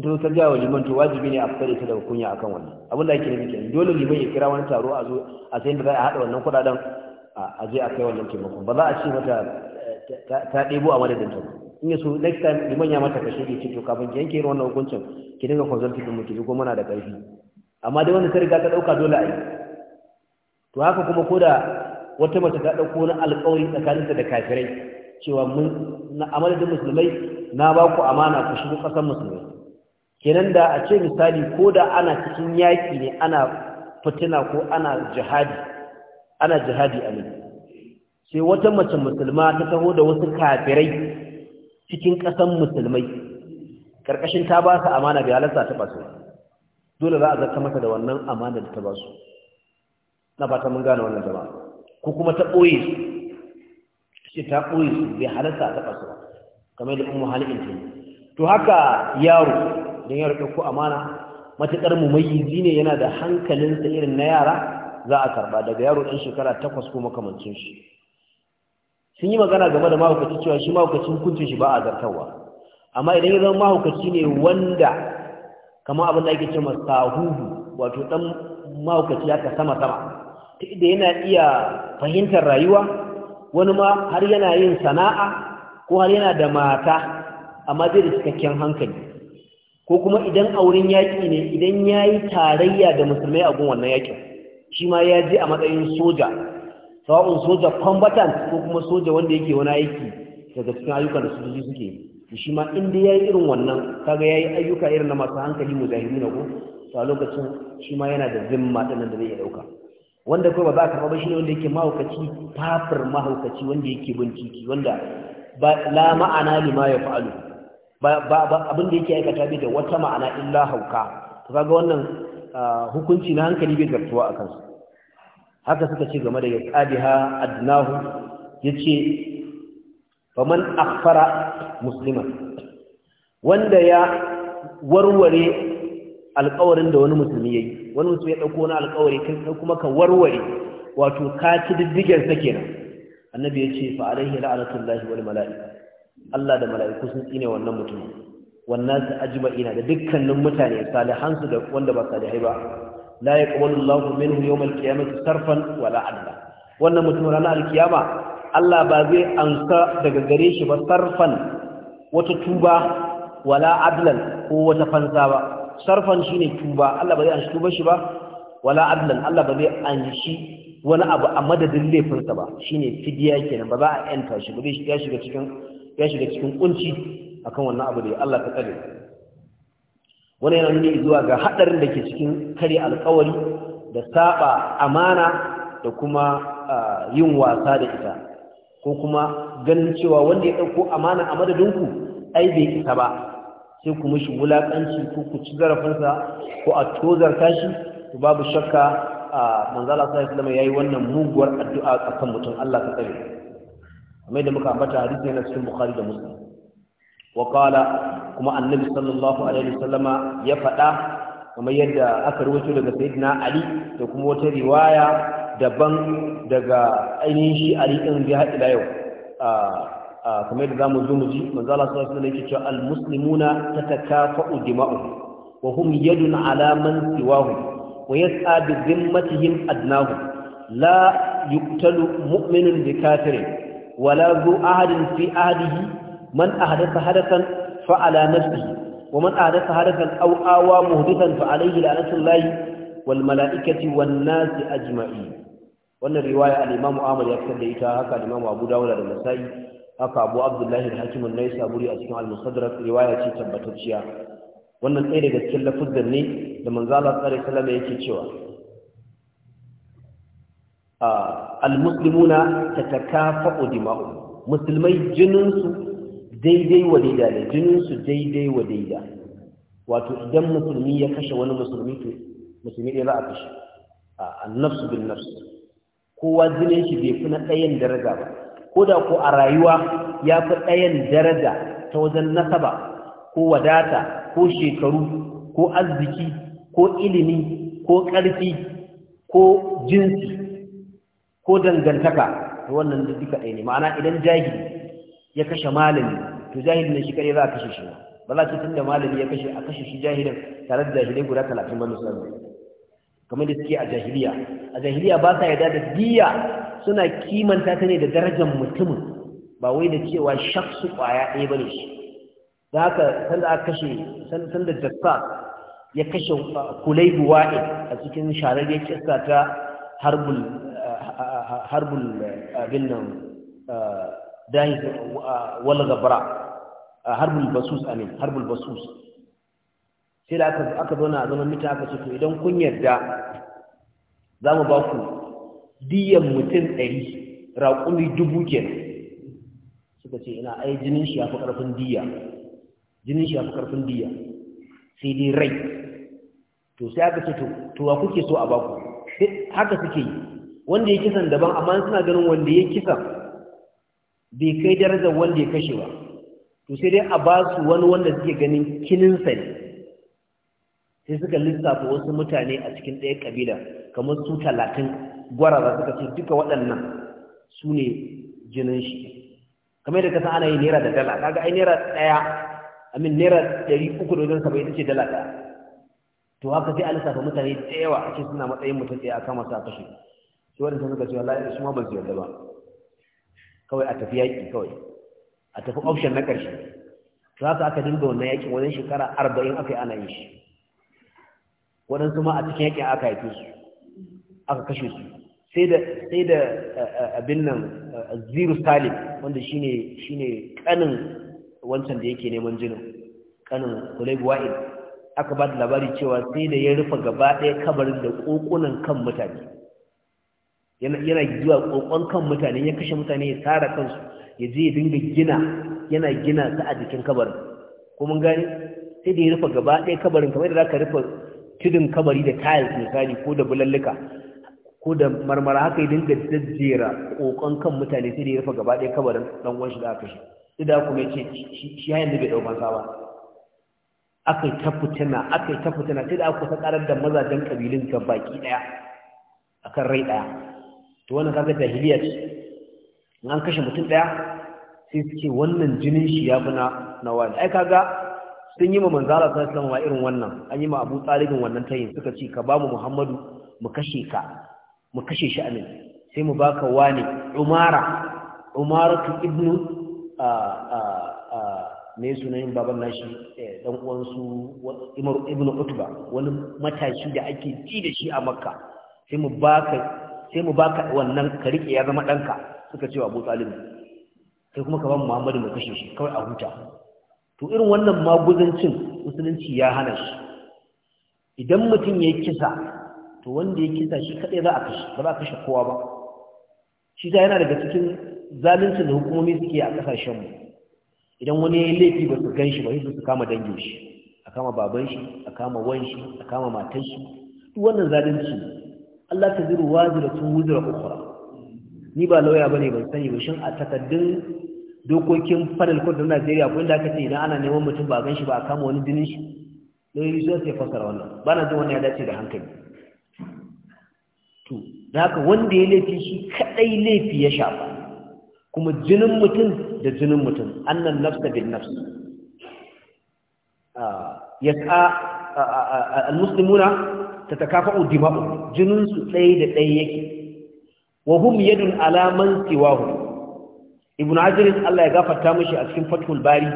don ka jawo liman to wajibi ne a fara ita daga kunya akan wannan abin da yake nufi kenan dole liman ya kira wani taro a zo a sai da za a haɗa wannan kudaden a je a kai wannan taimakon ba za a ce mata eh, ta ɗebo a madadin ta in ya so next time liman ya mata kashe ke ce to kafin ki yanke wannan hukuncin ki dinga consulting mu ki ko muna da ƙarfi amma dai wanda ta riga ta ɗauka dole a yi to haka kuma ko da wata mace ta ɗauko wani alƙawari tsakaninta da kafirai cewa mun na amadadin musulmai na ba ku amana ku shigo ƙasar musulmai kenan da a ce misali ko da ana cikin yaƙi ne ana fitina ko ana jihadi ana jihadi a ne sai wata mace musulma ta taho da wasu kafirai cikin ƙasan musulmai ƙarƙashin ta ba su amana bai halatta ta ba su dole za a zarta mata da wannan amana da ta ba su na fata mun gane wannan jama'a ko kuma ta ɓoye su ta ɓoye su bai halatta ta ba su ba kamar da kuma halin to haka yaro idan ya rike ko amana matakar mumayyizi ne yana da hankalin sa irin na yara za a karba daga yaro dan shekara takwas ko makamancin shi sun yi magana game da mahaukaci cewa shi mahaukacin kuncin shi ba a zartarwa amma idan ya zama mahaukaci ne wanda kamar abin da ake ce sahuhu wato dan mahaukaci aka sama sama ta inda yana iya fahimtar rayuwa wani ma har yana yin sana'a ko har yana da mata amma zai da cikakken hankali ko kuma idan a wurin yaƙi ne idan ya yi tarayya da musulmai a gun wannan yaƙin shi ma ya je a matsayin soja sawa'un soja kwambatan ko kuma soja wanda yake wani aiki daga cikin ayyuka da sojoji suke yi shi ma inda ya yi irin wannan kaga ya yi ayyuka irin na masu hankali mujahidi na ko to a lokacin shi ma yana da zimma ɗinnan da zai iya ɗauka wanda kawai ba za a karɓa ba shi ne wanda yake mahaukaci tafir mahaukaci wanda yake bin ciki wanda la ma'ana lima ya fa'alu abin da yake aikata bai da wata ma'ana illa hauka to kaga wannan hukunci na hankali bai gartuwa a kansu haka suka ce game da yaqabiha adnahu yace man akhfara musliman wanda ya warware alƙawarin da wani musulmi yayi wani musulmi ya dauko na alƙawari kai kuma ka warware wato ka ci diddigen sa kenan annabi yace fa alaihi la'natullahi wal mala'ika Allah da mala'iku sun tsine wannan mutum wannan su ajma'ina da dukkanin mutane salihansu da wanda ba salihai ba la yaqbalu Allahu minhu yawm al-qiyamati sarfan wala adla wannan mutumin ranar al-kiyama Allah ba zai ansa daga gare shi ba sarfan wata tuba wala adlan ko wata fansa ba sarfan ne tuba Allah ba zai anshi tuba shi ba wala adlan Allah ba zai anshi wani abu a madadin laifinsa ba shi ne fidiya kenan ba za a yanta shi ba zai shiga cikin ya shiga cikin kunci akan wannan abu da Allah ta tsare wani yana nuni zuwa ga haɗarin da ke cikin kare alkawari da saba amana da kuma yin wasa da ita ko kuma ganin cewa wanda ya ɗauko amana a madadinku ai bai isa ba sai ku mishi wulaƙanci ko ku ci zarafinsa ko a tozarta shi to babu shakka manzala sallallahu ya wasallam yayi wannan muguwar addu'a akan mutum Allah ta tsare kamar da muka ambata hadisi yana cikin bukhari da muslim wa qala kuma annabi sallallahu alaihi wasallama ya faɗa kamar yadda aka rawaito daga sayyidina ali da kuma wata riwaya daban daga ainihin shi ali din bi haɗila yau kamar yadda zamu zo mu ji manzo Allah sallallahu alaihi wasallam yake cewa al-muslimuna tatakafa'u dima'uhum wa hum yadun ala man siwahum ويسعى بذمتهم أدناهم لا يقتل مؤمن بكافر wala zu ahadin fi ahadihi man ahdatha hadathan fa ala nafsihi wa man ahdatha hadathan aw awa muhdithan fa alayhi la'natullahi wal mala'ikati wan nas ajma'in wannan riwaya al-Imam Ahmad ya fitar da ita haka al-Imam Abu Dawud da Nasa'i haka Abu Abdullah al-Hakim an-Naisaburi a cikin al-Mustadrak riwaya ce tabbatacciya wannan ɗaya daga cikin lafuzan ne da manzo Allah sallallahu alaihi wasallam yake cewa almuslimuna tatakafa'u dima'u musulmai jininsu daidai wa daida ne jininsu daidai wa daida wato idan musulmi ya kashe wani musulmi to musulmi ɗaya za a kashe annafsu bin nafsu kowa jinin shi bai fi na ɗayan daraja ba ko da ko a rayuwa ya fi ɗayan daraja ta wajen nasaba ko wadata ko shekaru ko arziki ko ilimi ko ƙarfi ko jinsi ko dangantaka to wannan da duka ɗaya ne ma'ana idan jahili ya kashe malami to jahilin ne shi kare za a kashe shi ba za ce tun da malami ya kashe a kashe shi jahilin tare da jahilai guda talatin ba musamman kamar da suke a jahiliya a jahiliya ba sa yarda da diya suna kimanta ta ne da darajar mutumin ba wai da cewa shaksu kwaya ɗaya ba ne shi da haka sanda aka kashe sanda jassa ya kashe uh, kulai buwa'i a cikin sharar ya kista ta harbul harbul abin nan dahi wala gabara harbul basus amin harbul basus sai da aka aka zauna a zaman mita aka ce to idan kun yarda za mu ba ku diyan mutum ɗari raƙumi dubu kenan suka ce ina ai jinin shi ya fi ƙarfin diya jinin shi ya fi ƙarfin diya sai dai rai to sai aka ce to wa kuke so a baku haka suke yi wanda ya kisan daban amma suna ganin wanda ya kisa bai kai darajar wanda ya kashe ba to sai dai a ba su wani wanda suke ganin sa ne sai suka lissafa wasu mutane a cikin ɗaya kabila kamar su talatin gwarara suka ce duka waɗannan su ne jinin shi kamar yadda kasa ana yi naira da dala kaga ai naira ɗaya amin naira ɗari uku da wajen bai ita ce dala ɗaya to haka sai a lissafa mutane da yawa ake suna matsayin mutum ɗaya a kama su a kashe wani wanda suka ce wallahi su ma ba su yarda ba kawai a tafi yaƙi kawai a tafi option na ƙarshe to haka aka dinga wannan yaƙi wajen shekara arba'in aka yi ana yin shi waɗansu ma a cikin yaƙin aka haife su aka kashe su sai da sai da eh, eh, abin nan eh, ziru salim wanda shine shine kanin wancan da yake neman jinin kanin kulayb wa'id aka ba da labari cewa sai da ya rufe gaba ɗaya kabarin da kokunan kan mutane yana zuwa kokon kan mutane ya kashe mutane ya tara kansu ya je dinga gina yana gina ta a jikin kabarin ko mun gane sai da ya rufe gaba ɗaya kabarin kamar da zaka rufe tudun kabari da tiles misali ko da bulalluka ko da marmara haka ya dinga jajjera kokon kan mutane sai da ya rufe gaba ɗaya kabarin dan uwan shi da aka shi sai da kuma ce shi hayan da bai dau sa ba aka yi ta fitina aka yi ta fitina sai da aka kusa karar da mazajen kabilin gabaki ɗaya akan rai ɗaya to wannan kaga jahiliya ce in an kashe mutum daya sai suke wannan jinin shi ya na na wani ai kaga sun yi ma manzala sallallahu alaihi wa irin wannan an yi ma Abu Talibin wannan tayin suka ce ka ba mu Muhammadu mu kashe ka mu kashe shi amin sai mu baka wani Umara Umaratu ibnu a a a ne sunan baban nashi eh, dan uwan su Umar Utba wani matashi da ake ci da shi a Makka sai mu baka sai mu baka wannan ka rike ya zama ɗanka suka ce wa abu talib sai kuma ka ba muhammadu mai kashe shi kawai a huta to irin wannan maguzancin musulunci ya hana shi idan mutum ya kisa to wanda ya kisa shi kaɗai za a kashe ba za a kashe kowa ba shi ta yana daga cikin zalunci da hukumomi suke a ƙasashenmu idan wani ya yi laifi ba su gan shi ba sai su kama dangin shi a kama baban shi a kama wan shi a kama matan shi duk wannan zalunci Allah ta zuru waziratun wuzura ukura ni ba lauya bane ban sani ba shin a takaddun dokokin fadal kudin Najeriya ko inda aka ce idan ana neman mutum ba gan shi ba a kama wani jinin shi yi zuwa sai fasara wannan ba na jin wannan ya dace da hankali to da haka wanda ya laifi shi kadai laifi ya shafa kuma jinin mutum da jinin mutum annan nafsa bin nafs ah, yas'a al-muslimuna ta takafa'u dima'u jininsu ɗaya da ɗaya yake wa hum yadun alaman siwahu ibn ajirin Allah ya gafarta mishi a cikin fathul bari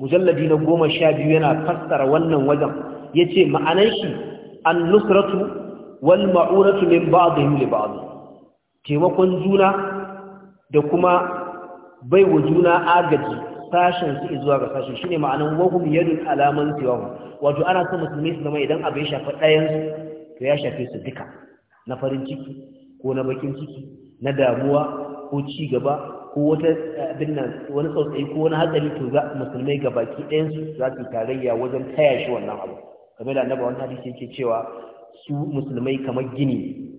mujalladi na goma sha biyu yana fassara wannan wajen ya ce ma'anan shi an nusratu wal ma'uratu min ba'dihim li ba'd taimakon juna da kuma bai wa juna agaji sashen su zuwa ga sashen shine ma'anan wahum yadun alaman siwahu wato ana son musulmi su zama idan abu ya shafi ɗayan su to ya shafe su duka na farin ciki ko na bakin ciki na damuwa ko ci gaba ko wata abin nan wani tsautsayi ko wani hatsari to za musulmai ga baki ɗayan su za su tarayya wajen taya shi wannan abu kamar da annabawan hadisi yake cewa su musulmai kamar gini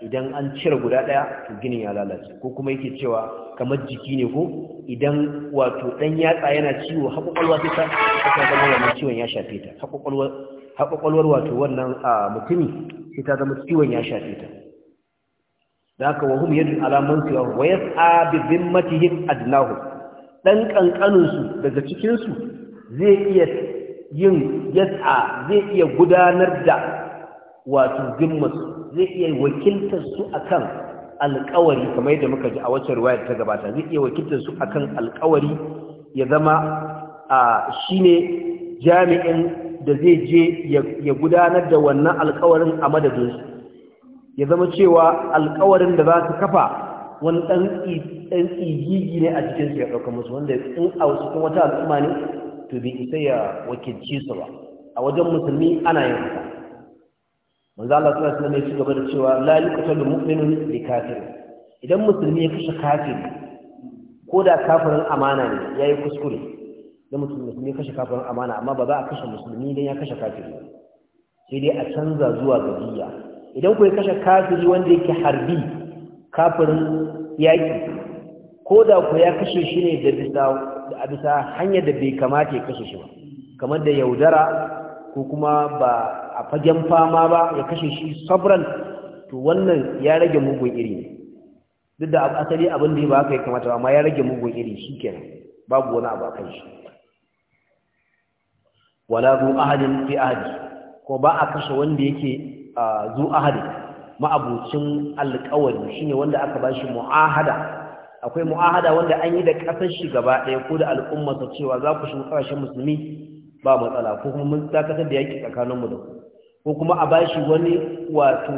idan an cire guda ɗaya to ginin ya lalace ko kuma yake cewa kamar jiki ne ko idan wato ɗan yatsa yana ciwo haƙoƙwalwa ta ta zama wannan ciwon ya shafe ta haƙoƙwalwar wato wannan mutumi sai ta zama ciwon ya shafe ta da ka wahum yadda alaman su yawon wayas a bibin matihim adnahu ɗan ƙanƙaninsu daga cikinsu zai iya yin yasa zai iya gudanar da wato zimmasu zai iya wakiltar su akan alkawari kamar yadda muka ji a wacce riwayar ta gabata zai iya wakiltar su akan alkawari ya zama a shine jami'in da zai je ya gudanar da wannan alkawarin a madadin su ya zama cewa alkawarin da za su kafa wani ɗan tsigigi ne a cikin su ya ɗauka musu wanda in a wasu kuma wata al'umma ne to bai isa ya wakilci su ba a wajen musulmi ana yin haka manzo Allah sallallahu alaihi wasallam ya ci gaba da cewa la yuqtalu mu'minun bi kafir idan musulmi ya kashe kafir ko da kafirin amana ne yayi kuskure Idan musulmi ya kashe kafirin amana amma ba za a kashe musulmi idan ya kashe kafiri sai dai a canza zuwa ga idan ku ya kashe kafiri wanda yake harbi kafirin yaki ko da ku ya kashe shi ne da bisa a bisa hanyar da bai kamata ya kashe shi ba kamar da yaudara ko kuma ba fagen fama ba ya kashe shi sabran to wannan ya rage mugun iri ne duk da asali abin da ya ba ka ya kamata ba amma ya rage mugun iri shi kenan babu wani abu a kan shi wala zu ahadin fi ahadi ko ba a kashe wanda yake zu ahadi ma'abucin alƙawari shine wanda aka ba shi mu'ahada akwai mu'ahada wanda an yi da ƙasar shi gaba ɗaya ko da ta cewa za ku shiga ƙasashen musulmi ba matsala ko kuma mun dakatar da yaƙi tsakaninmu da ku ko kuma a bashi wani wato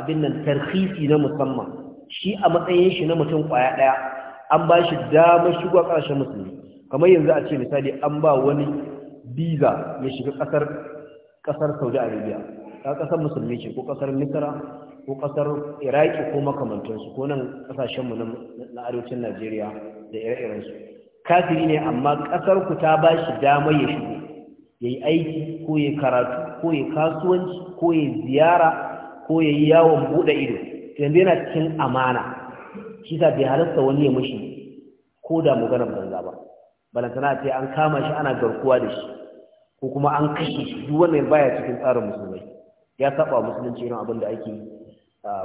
abin nan tarhisi na musamman shi a matsayin shi na mutum kwaya daya an bashi damar shigo ƙarshen musulmi kamar yanzu a ce misali an ba wani biza ya shiga ƙasar ƙasar Saudi Arabia ka ƙasar musulmi ce ko ƙasar Misra ko ƙasar Iraki ko makamantansu ko nan ƙasashenmu na arewacin Najeriya da ire-irensu kafiri ne amma ƙasar ku ta bashi damar ya shigo Yayi aiki ko ya karatu ko yayi kasuwanci ko ya ziyara ko ya yawon bude ido yanzu yana cikin amana shi sa bai halarta wani ya mishi ko da maganar banza ba balantana ce an kama shi ana garkuwa da shi ko kuma an kashe shi duk wannan baya cikin tsarin musulmai ya saba musulunci irin abin da ake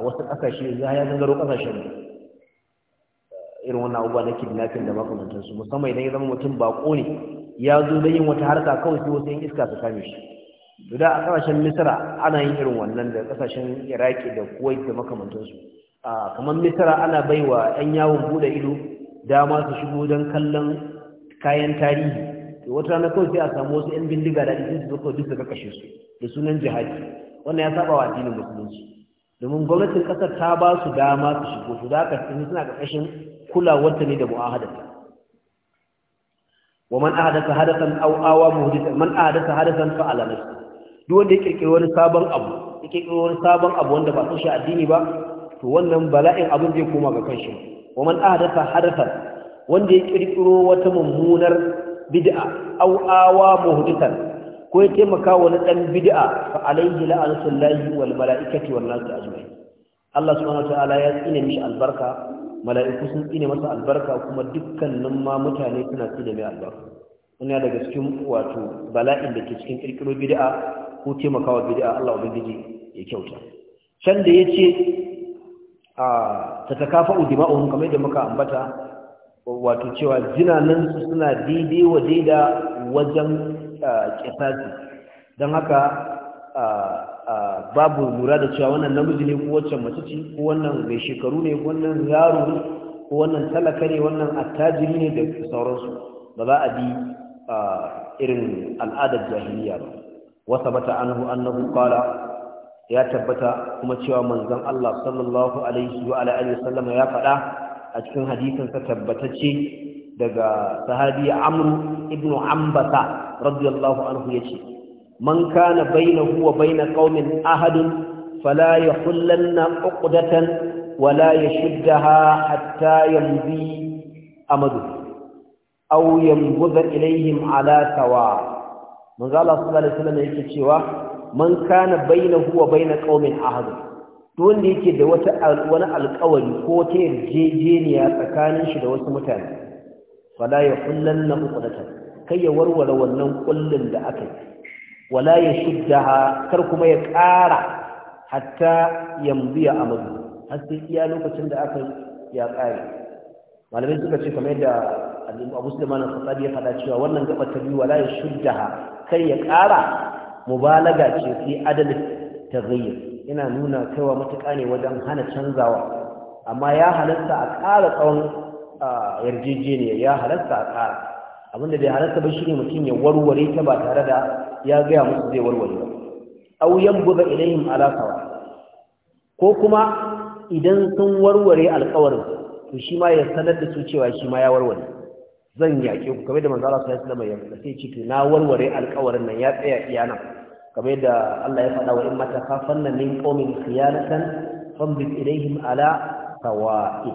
wasu ƙasashe za ya zangaro ƙasashen irin wannan abubuwa na kidnapping da makamantansu musamman idan ya zama mutum baƙo ne ya zo da yin wata harka kawai sai wasu yin iska su kame shi to da a kasashen misira, ana yin irin wannan da kasashen iraki da kuwait da makamantansu kamar misira ana baiwa yan yawon bude ido dama su shigo don kallon kayan tarihi wata rana kawai sai a samu wasu yan bindiga da isin su kawai duk da kashe su da sunan jihadi wannan ya saba wa addinin musulunci domin gwamnatin kasar ta ba su dama su shigo su da haka suna kakashin kulawar ta ne da ta. ومن أحدث حدثا أو آوى مهدثا من أحدث حدثا فعلى نفسه duk wanda ya kirkiri wani sabon abu ya kirkiri wani sabon abu wanda ba san shi addini ba to wannan bala'in abin zai koma ga kanshi wa man ahdatha hadathan wanda ya ƙirƙiro wata mummunar bid'a au'awa awa ko ya taimaka wani dan bid'a fa alayhi la'anatullahi wal mala'ikati wan nas ajma'in Allah subhanahu wa ta'ala ya tsine mishi albarka mala'iku sun tsine masa albarka kuma dukkanin ma mutane suna tsine mai albarka ina daga cikin wato bala'in da ke cikin kirkiro bid'a ko taimakawa bid'a Allah ubangiji ya kyauta can da yace a tatakafa dima'uhum kamar da muka ambata wato cewa nan su suna daidai wa daida wajen eh, kisasi don haka eh, babu lura da cewa wannan namiji ne ko waccan mace ce ko wannan mai shekaru ne ko wannan yaro ne ko wannan talaka ne wannan attajiri ne da sauransu ba za a bi irin al'adar jahiliya ba wasa bata Anahu annahu qala ya tabbata kuma cewa manzon Allah sallallahu alaihi wa alihi wasallam ya faɗa a cikin hadisin sa tabbatacce daga sahabi Amr ibn Ambasa radiyallahu anhu yace man kana bainahu wa bain qaumin ahadun fala yahullanna uqdatan wala yashuddaha hatta yamdi amadu aw yanbudha ilaihim ala sawa manzo Allah sallallahu alaihi wasallam yake cewa man kana bainahu wa bain qaumin ahadun to wanda yake da wata wani alƙawari ko ta yarjejeniya tsakanin shi da wasu mutane fala ya kullan na uqdatan kai ya warware wannan kullun da aka yi wala ya ha, kar kuma ya ƙara hatta yamziya amadu har sai iya lokacin da aka ya ƙare malamai suka ce kamar yadda abu sulaiman al-khattabi ya faɗa cewa wannan gaba ta biyu wala ya shuddaha kai ya ƙara mubalaga ce sai adalin taghayyur yana nuna kaiwa matuƙa ne wajen hana canzawa amma ya halatta a ƙara tsawon yarjejeniya ya halatta a ƙara abinda bai halatta ba shine mutum ya warware ta ba tare da ya gaya musu zai warware ba au yanbuga ilaihim ala sawa ko kuma idan sun warware alƙawarin to shi ma ya sanar da su cewa shi ma ya warware zan yaƙe ku kamar da manzo Allah sallallahu alaihi wasallam ya sai ce na warware alƙawarin nan ya tsaya iyana. kamar da Allah ya faɗa wa in mata kafanna min qawmin khiyanatan fambit ilaihim ala sawa'i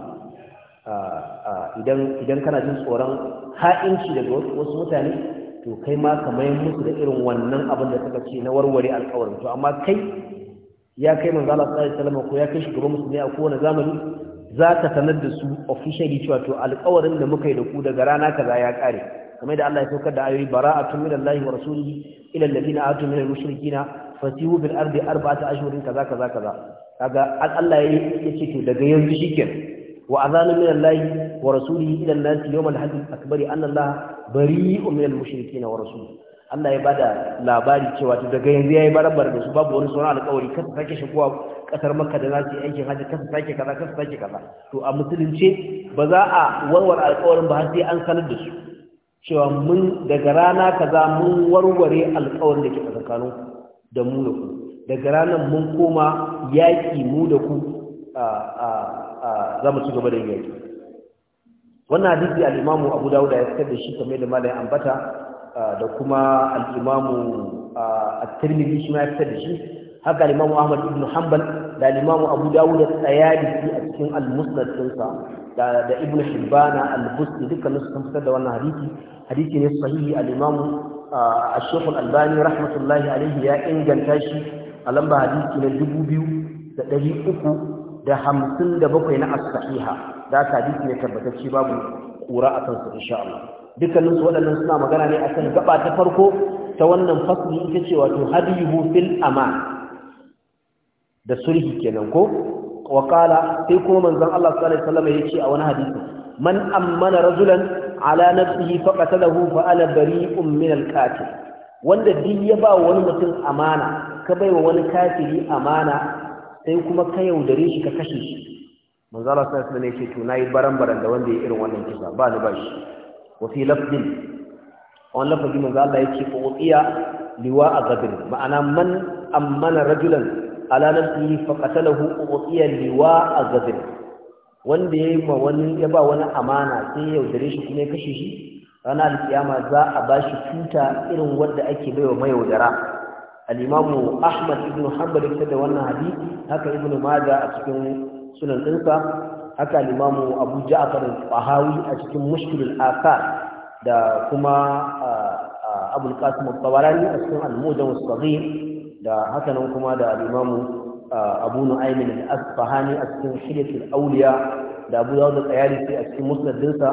ah, ah, idan idan kana jin tsoron ha'inci daga wasu mutane to kai ma ka musu da irin wannan abin da suka ce na warware alƙawarin to amma kai ya kai manzo Allah sallallahu alaihi wasallam ko ya kai shugaban musulmi a kowane zamani za ka sanar da su officially cewa to alƙawarin da muka yi da ku daga rana kaza ya kare kamar da Allah ya saukar da ayoyi bara'atun minallahi wa rasulihi ila alladhina atu minal mushrikina fasihu bil ardi arba'ata ashhurin kaza kaza kaza kaga Allah ya ce to daga yanzu shikenan وأذان من الله ورسوله إلى الناس يوم الحج الأكبر أن الله بريء من المشركين ورسوله Allah ya bada labari cewa to daga yanzu ya yi barabar da su babu wani sauran alƙawari kasa sake shigowa kasar maka da za su yi aikin haji kasa sake kaza kasa sake kaza to a musulunce ba za a warware alƙawarin ba har sai an sanar da su cewa mun daga rana kaza mun warware alƙawarin da ke a tsakanin da mu da ku daga ranar mun koma yaƙi mu da ku za mu ci gaba da yi yaki wannan hadisi al-imamu abu dawuda ya fitar da shi kamar da malamin ambata da kuma al'imamu imamu at-tirmidhi shi ma ya fitar da shi haka al'imamu ahmad ibn hanbal da al-imamu abu dawuda shi a cikin al-musnad da da ibn hibbana al-busti dukkan su sun fitar da wannan hadisi hadisi ne sahihi al-imamu rahmatullahi الألباني ya inganta shi a lamba hadisi na dubu biyu da ɗari uku. da hamsin da bakwai na as-sahiha da aka hadisi ne babu kura akan su insha Allah dukkanin su waɗannan suna magana ne akan gaba ta farko ta wannan fasli ita ce wato hadiyuhu fil aman da sulhi kenan ko wa qala sai kuma manzon Allah sallallahu alaihi wasallam yace a wani hadisi man ammana rajulan ala nafsihi faqatalahu fa ana bari'un min al-qatil wanda duk ya ba wani mutum amana ka bai wa wani kafiri amana sai kuma ka yaudare shi ka kashe shi manzo Allah sallallahu alaihi ce to nayi baran-baran da wanda ya irin wannan kisa ba ni ba shi wa fi lafdin wannan lafazi manzo Allah ya ce uqiya liwa a gadr ma'ana man ammana rajulan ala nafsihi faqatalahu uqiya liwa a gadr wanda yayi ma wani ya ba wani amana sai ya yaudare shi kuma ya kashe shi ranar alkiyama za a bashi tuta irin wanda ake baiwa mayaudara al-imamu ahmad ibn hanbal ya da wannan hadisi haka Ibnu majah a cikin sunan dinsa haka al Abuja abu ja'far al-tahawi a cikin mushkil al da kuma abul qasim al-tabarani a cikin al-mujam al da haka kuma da al-imamu abu nu'aym asfahani a cikin hilyat al-awliya da abu dawud al-qayalisi a cikin musnad dinsa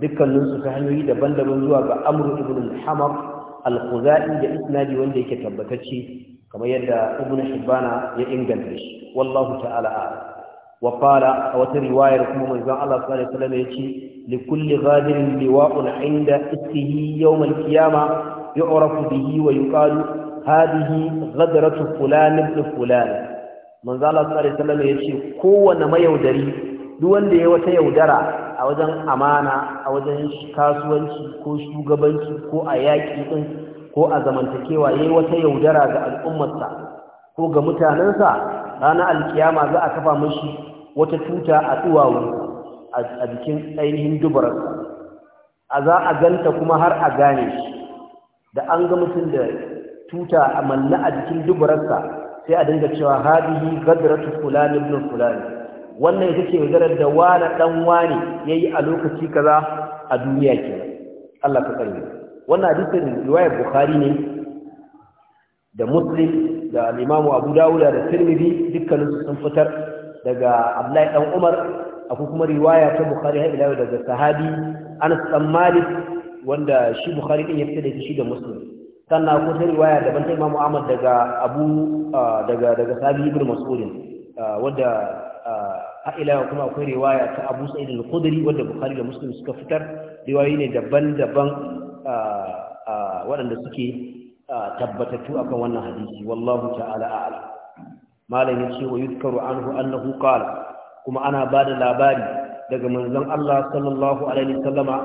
dukkaninsu ta hanyoyi daban-daban zuwa ga amru Ibnu al al-khuzai da isnadi wanda yake tabbatacce kamar yadda ibnu hibbana ya inganta shi wallahu ta'ala a wa qala a wata riwayar kuma manzon Allah sallallahu alaihi wasallam yace li kulli ghadirin liwa'un 'inda istihi yawm al-qiyama yu'rafu bihi wa yuqalu hadhihi ghadratu fulan ibn fulan manzon Allah sallallahu alaihi wasallam yace kowanne mayaudari duk wanda ya wata yaudara a wajen amana a wajen kasuwanci ko shugabanci ko a yaƙi ɗin ko a zamantakewa ya yi wata yaudara ga al'ummarsa ko ga mutanensa ranar alkiyama za a kafa mashi wata tuta a duwawu a jikin ainihin dubararsa a za a ganta kuma har a gane shi da an ga mutum da tuta a manna a jikin dubararsa sai a dinga cewa hadihi gadratu fulani ibn fulani wannan ita ce yaudarar da wane ɗan wane ya yi a lokaci kaza a duniya ke Allah ka tsare wannan hadisin riwayar bukhari ne da muslim da al'imamu abu dawuda da tirmidhi dukkaninsu sun fitar daga abdullahi dan umar akwai kuma riwaya ta bukhari har ila daga sahabi anas dan malik wanda shi bukhari din ya fitar da shi da muslim sannan akwai ta riwaya daban ta imamu ahmad daga abu ah, daga daga sahabi ibnu mas'ud ah, wanda a ila kuma akwai riwaya ta Abu Sa'id al-Khudri wanda Bukhari da Muslim suka fitar riwayoyi ne daban-daban waɗanda suke tabbatattu akan wannan hadisi wallahu ta'ala a'lam malam ce wa yuzkaru anhu annahu qala kuma ana bada labari daga manzon Allah sallallahu alaihi wasallama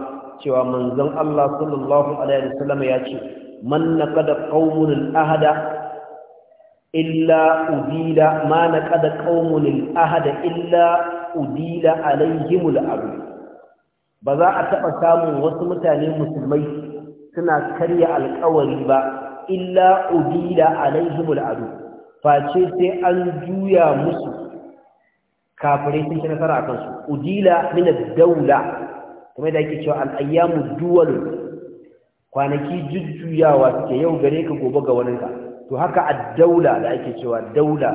cewa manzon Allah sallallahu alaihi wasallama yace man naqada qaumun al-ahada illa udila ma na kada ƙaunin ahada illa udila alayhimul abu ba za a taɓa samun wasu mutane musulmai suna karya alkawari ba illa udila alayhimul abu face sai an juya musu kafirai sun ci nasara a kansu udila min daula kuma da ake cewa al'ayyamu duwalu kwanaki jujjuyawa suke yau gare ka gobe ga waninka to haka addaula da ake cewa daula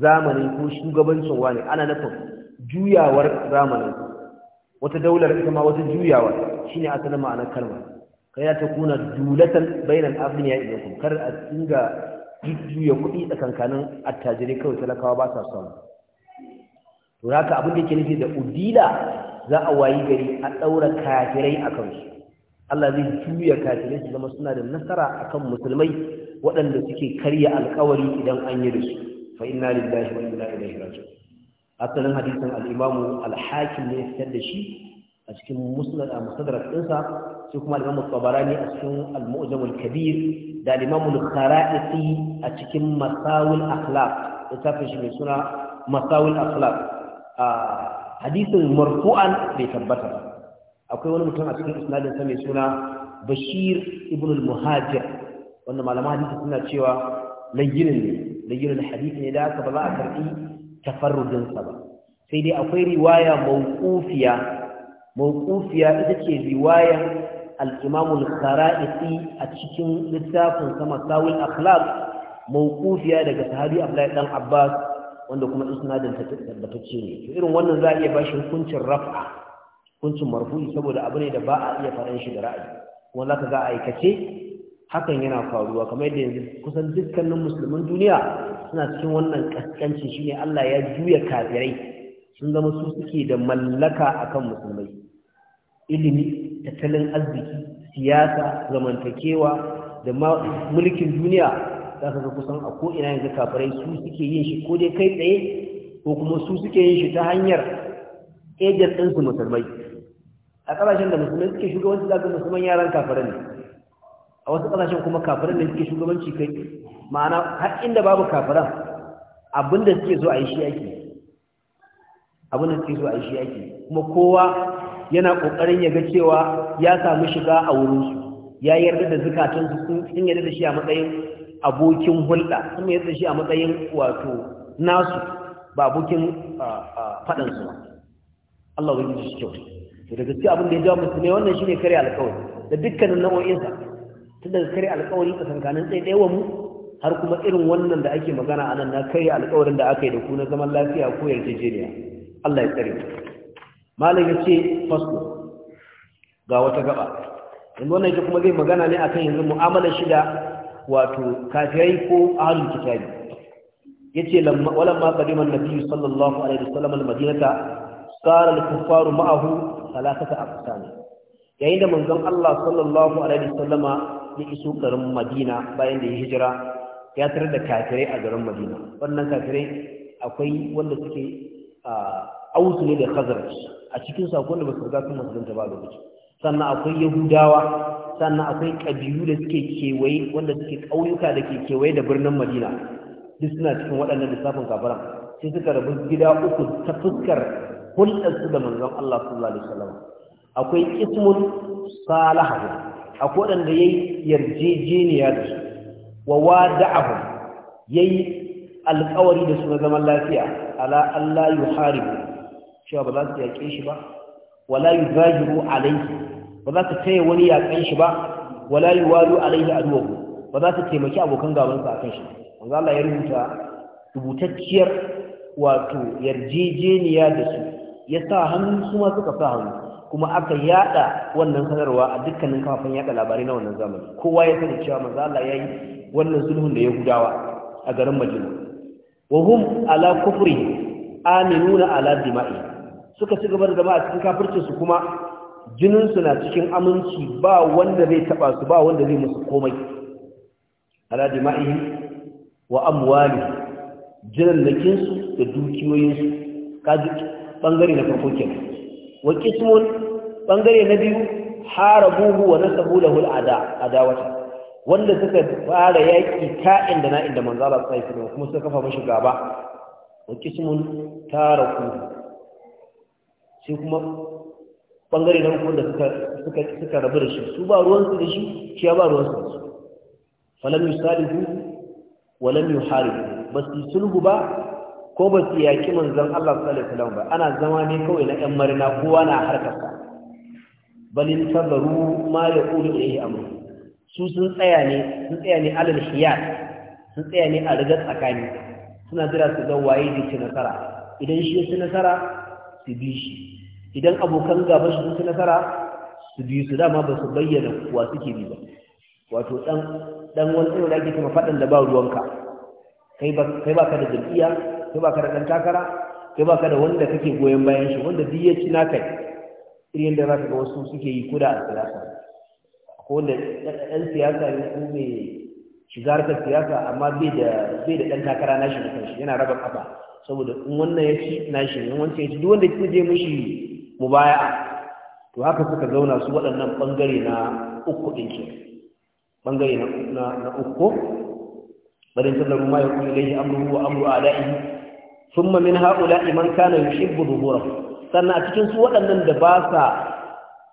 zamani ko shugabancin wani ana nufin juyawar zamanin wata daular ita ma wata juyawa shine asalin ma'anar kalmar kai ya ta kuna dulatan bainal afniya ilaykum kar a dinga juya kuɗi tsakankanin attajirai kawai talakawa ba sa samu to haka abin da yake nufi da udila za a wayi gari a ɗaura kafirai a kansu Allah zai juya kafirai su zama suna da nasara akan musulmai waɗanda suke karya alkawari idan an yi da su fa inna lillahi wa inna ilaihi raji'un asalin hadisin al-imamu al-hakim ne fitar da shi a cikin musnad a musaddarat ɗinsa sai kuma al-imamu tabarani a cikin al-mu'jam al-kabir da al-imamu al-khara'iti a cikin masawil akhlaq littafin shi mai suna masawil akhlaq a hadisin marfu'an bai tabbata akwai wani mutum a cikin isnadin sa mai suna bashir ibn al-muhajir Wannan malaman hadisi suna cewa layyinin ne layyinin hadisi ne da aka ba za a karɓi tafarrudinsa ba sai dai akwai riwaya mawqufiya mawqufiya ita ce riwayar al-Imam al a cikin littafin sa Masawil Akhlaq mawqufiya daga sahabi Abdullah dan Abbas wanda kuma isnadin ta ce ne to irin wannan za a iya bashi hukuncin raf'a hukuncin marfu'i saboda abu ne da ba a iya faɗan shi da ra'ayi kuma za ga aikace hakan yana faruwa kamar yadda yanzu kusan dukkanin musulmin duniya suna cikin wannan kaskanci shine Allah ya juya kafirai sun zama su suke da mallaka akan musulmai ilimi tattalin arziki siyasa zamantakewa da mulkin duniya za ka ga kusan a ko ina yanzu kafirai su suke yin shi ko dai kai tsaye ko kuma su suke yin shi ta hanyar ejen ɗinsu musulmai a ƙarashen da musulmai suke shugabanci za ka musulman yaran kafirai ne a wasu ƙasashen kuma kafiran da suke shugabanci kai ma'ana har inda babu kafiran abinda suke zo a yi shi ake abinda suke zo a yi shi ake kuma kowa yana ƙoƙarin ya ga cewa ya samu shiga a wurinsu ya yarda da zukatansu sun yarda da shi a matsayin abokin hulɗa sun yarda da shi a matsayin wato nasu ba abokin faɗansu ba Allah ya yi shi kyau daga cikin abin da ya jawo musulmai wannan shi ne kare alƙawari, da dukkanin nau'o'insa tunda da kare alkawari tsakankanin yawan mu har kuma irin wannan da ake magana a nan na karya alkawarin da aka yi da ku na zaman lafiya ko yarjejeniya Allah ya tsare malam ya ce fasko ga wata gaba yanzu wannan ita kuma zai magana ne akan yanzu mu'amalar shida wato kafirai ko ahlul kitabi yace lamma ma qadima an-nabi sallallahu alaihi wasallam al-madinata sara al-kuffaru ma'ahu thalathata aqsam yayin da manzon Allah sallallahu alaihi wasallama ya iso garin madina bayan da ya hijira ya tarar da kafirai a garin madina wannan kafirai akwai wanda suke ausu ne da khazraj a cikin su akwai wanda ba su riga sun musulunta ba da wuce sannan akwai yahudawa sannan akwai kabilu da suke kewaye wanda suke ƙauyuka da ke kewaye da birnin madina duk suna cikin waɗannan lissafin kafiran sai suka rabu gida uku ta fuskar hulɗar su da manzon allah sallallahu alaihi wasallam akwai ismun salahu akwai waɗanda ya yi yarjejeniya da su wa wada'ahu ya yi alkawari da su na zaman lafiya ala Allah yi haribu cewa ba za su yaƙe shi ba wala yi zahiru alaihi ba za su taya wani yaƙen shi ba wala yi walu alaihi aduwahu ba za su taimaki abokan gabansa a kan shi wanda Allah ya rubuta rubutacciyar wato yarjejeniya da su ya sa hannu su ma suka sa hannu kuma aka yada wannan sanarwa a dukkanin kafafen yada labarai na wannan zamani kowa ya sani cewa manzo Allah yayi wannan sulhun da Yahudawa a garin Madina wa hum ala kufri aminuna ala dima'i suka ci gaba da zama a cikin kafircin su kuma jinin su na cikin aminci ba wanda zai taba su ba wanda zai musu komai ala dima'i wa amwali jinin lakin su da dukiyoyin su kaji bangare na farko kenan wa kismun bangare na biyu harabuhu wa nasabu lahu al'ada adawata wanda suka fara yaki ta inda na inda manzo Allah sai kuma kuma suka kafa mashi gaba wa kismun taraku sai kuma bangare na uku da suka suka suka rabu da shi su ba ruwan su da shi shi ba ruwan su falam yusalihu wa lam yuharibu bas sulhu ba ko ba su yaƙi manzon Allah sallallahu alaihi ba ana zama ne kawai na ƴan marina kowa na harkarsa balin tabaru ma ya kulu ilayhi amru su sun tsaya ne sun tsaya ne alal hiyat sun tsaya ne a rigar tsakani suna jira su ga waye da ke nasara idan shi ya nasara su bi shi idan abokan gaba shi sun nasara su bi su dama ba su bayyana wa suke bi ba wato dan dan wani irin da ake kuma faɗan da ba ruwanka kai ba kai ba ka da jam'iyya kai ba ka da ɗan takara kai ba ka da wanda kake goyon bayan shi wanda duk ya ci kai, irin da za ka ga wasu suke yi kuda a siyasa ko wanda ɗan siyasa ne ko mai shiga harkar siyasa amma bai da bai da ɗan takara shi da kanshi yana raba kafa saboda in wannan ya ci shi ne wancan ya ci duk wanda ya je mishi to haka suka zauna su waɗannan ɓangare na uku ɗin ke ɓangare na uku barin sallar ma ya kuma ilaihi amru wa amru Alai. thumma min ha'ula'i man kana yushibbu dhuhurahu sannan a cikin su waɗannan da ba sa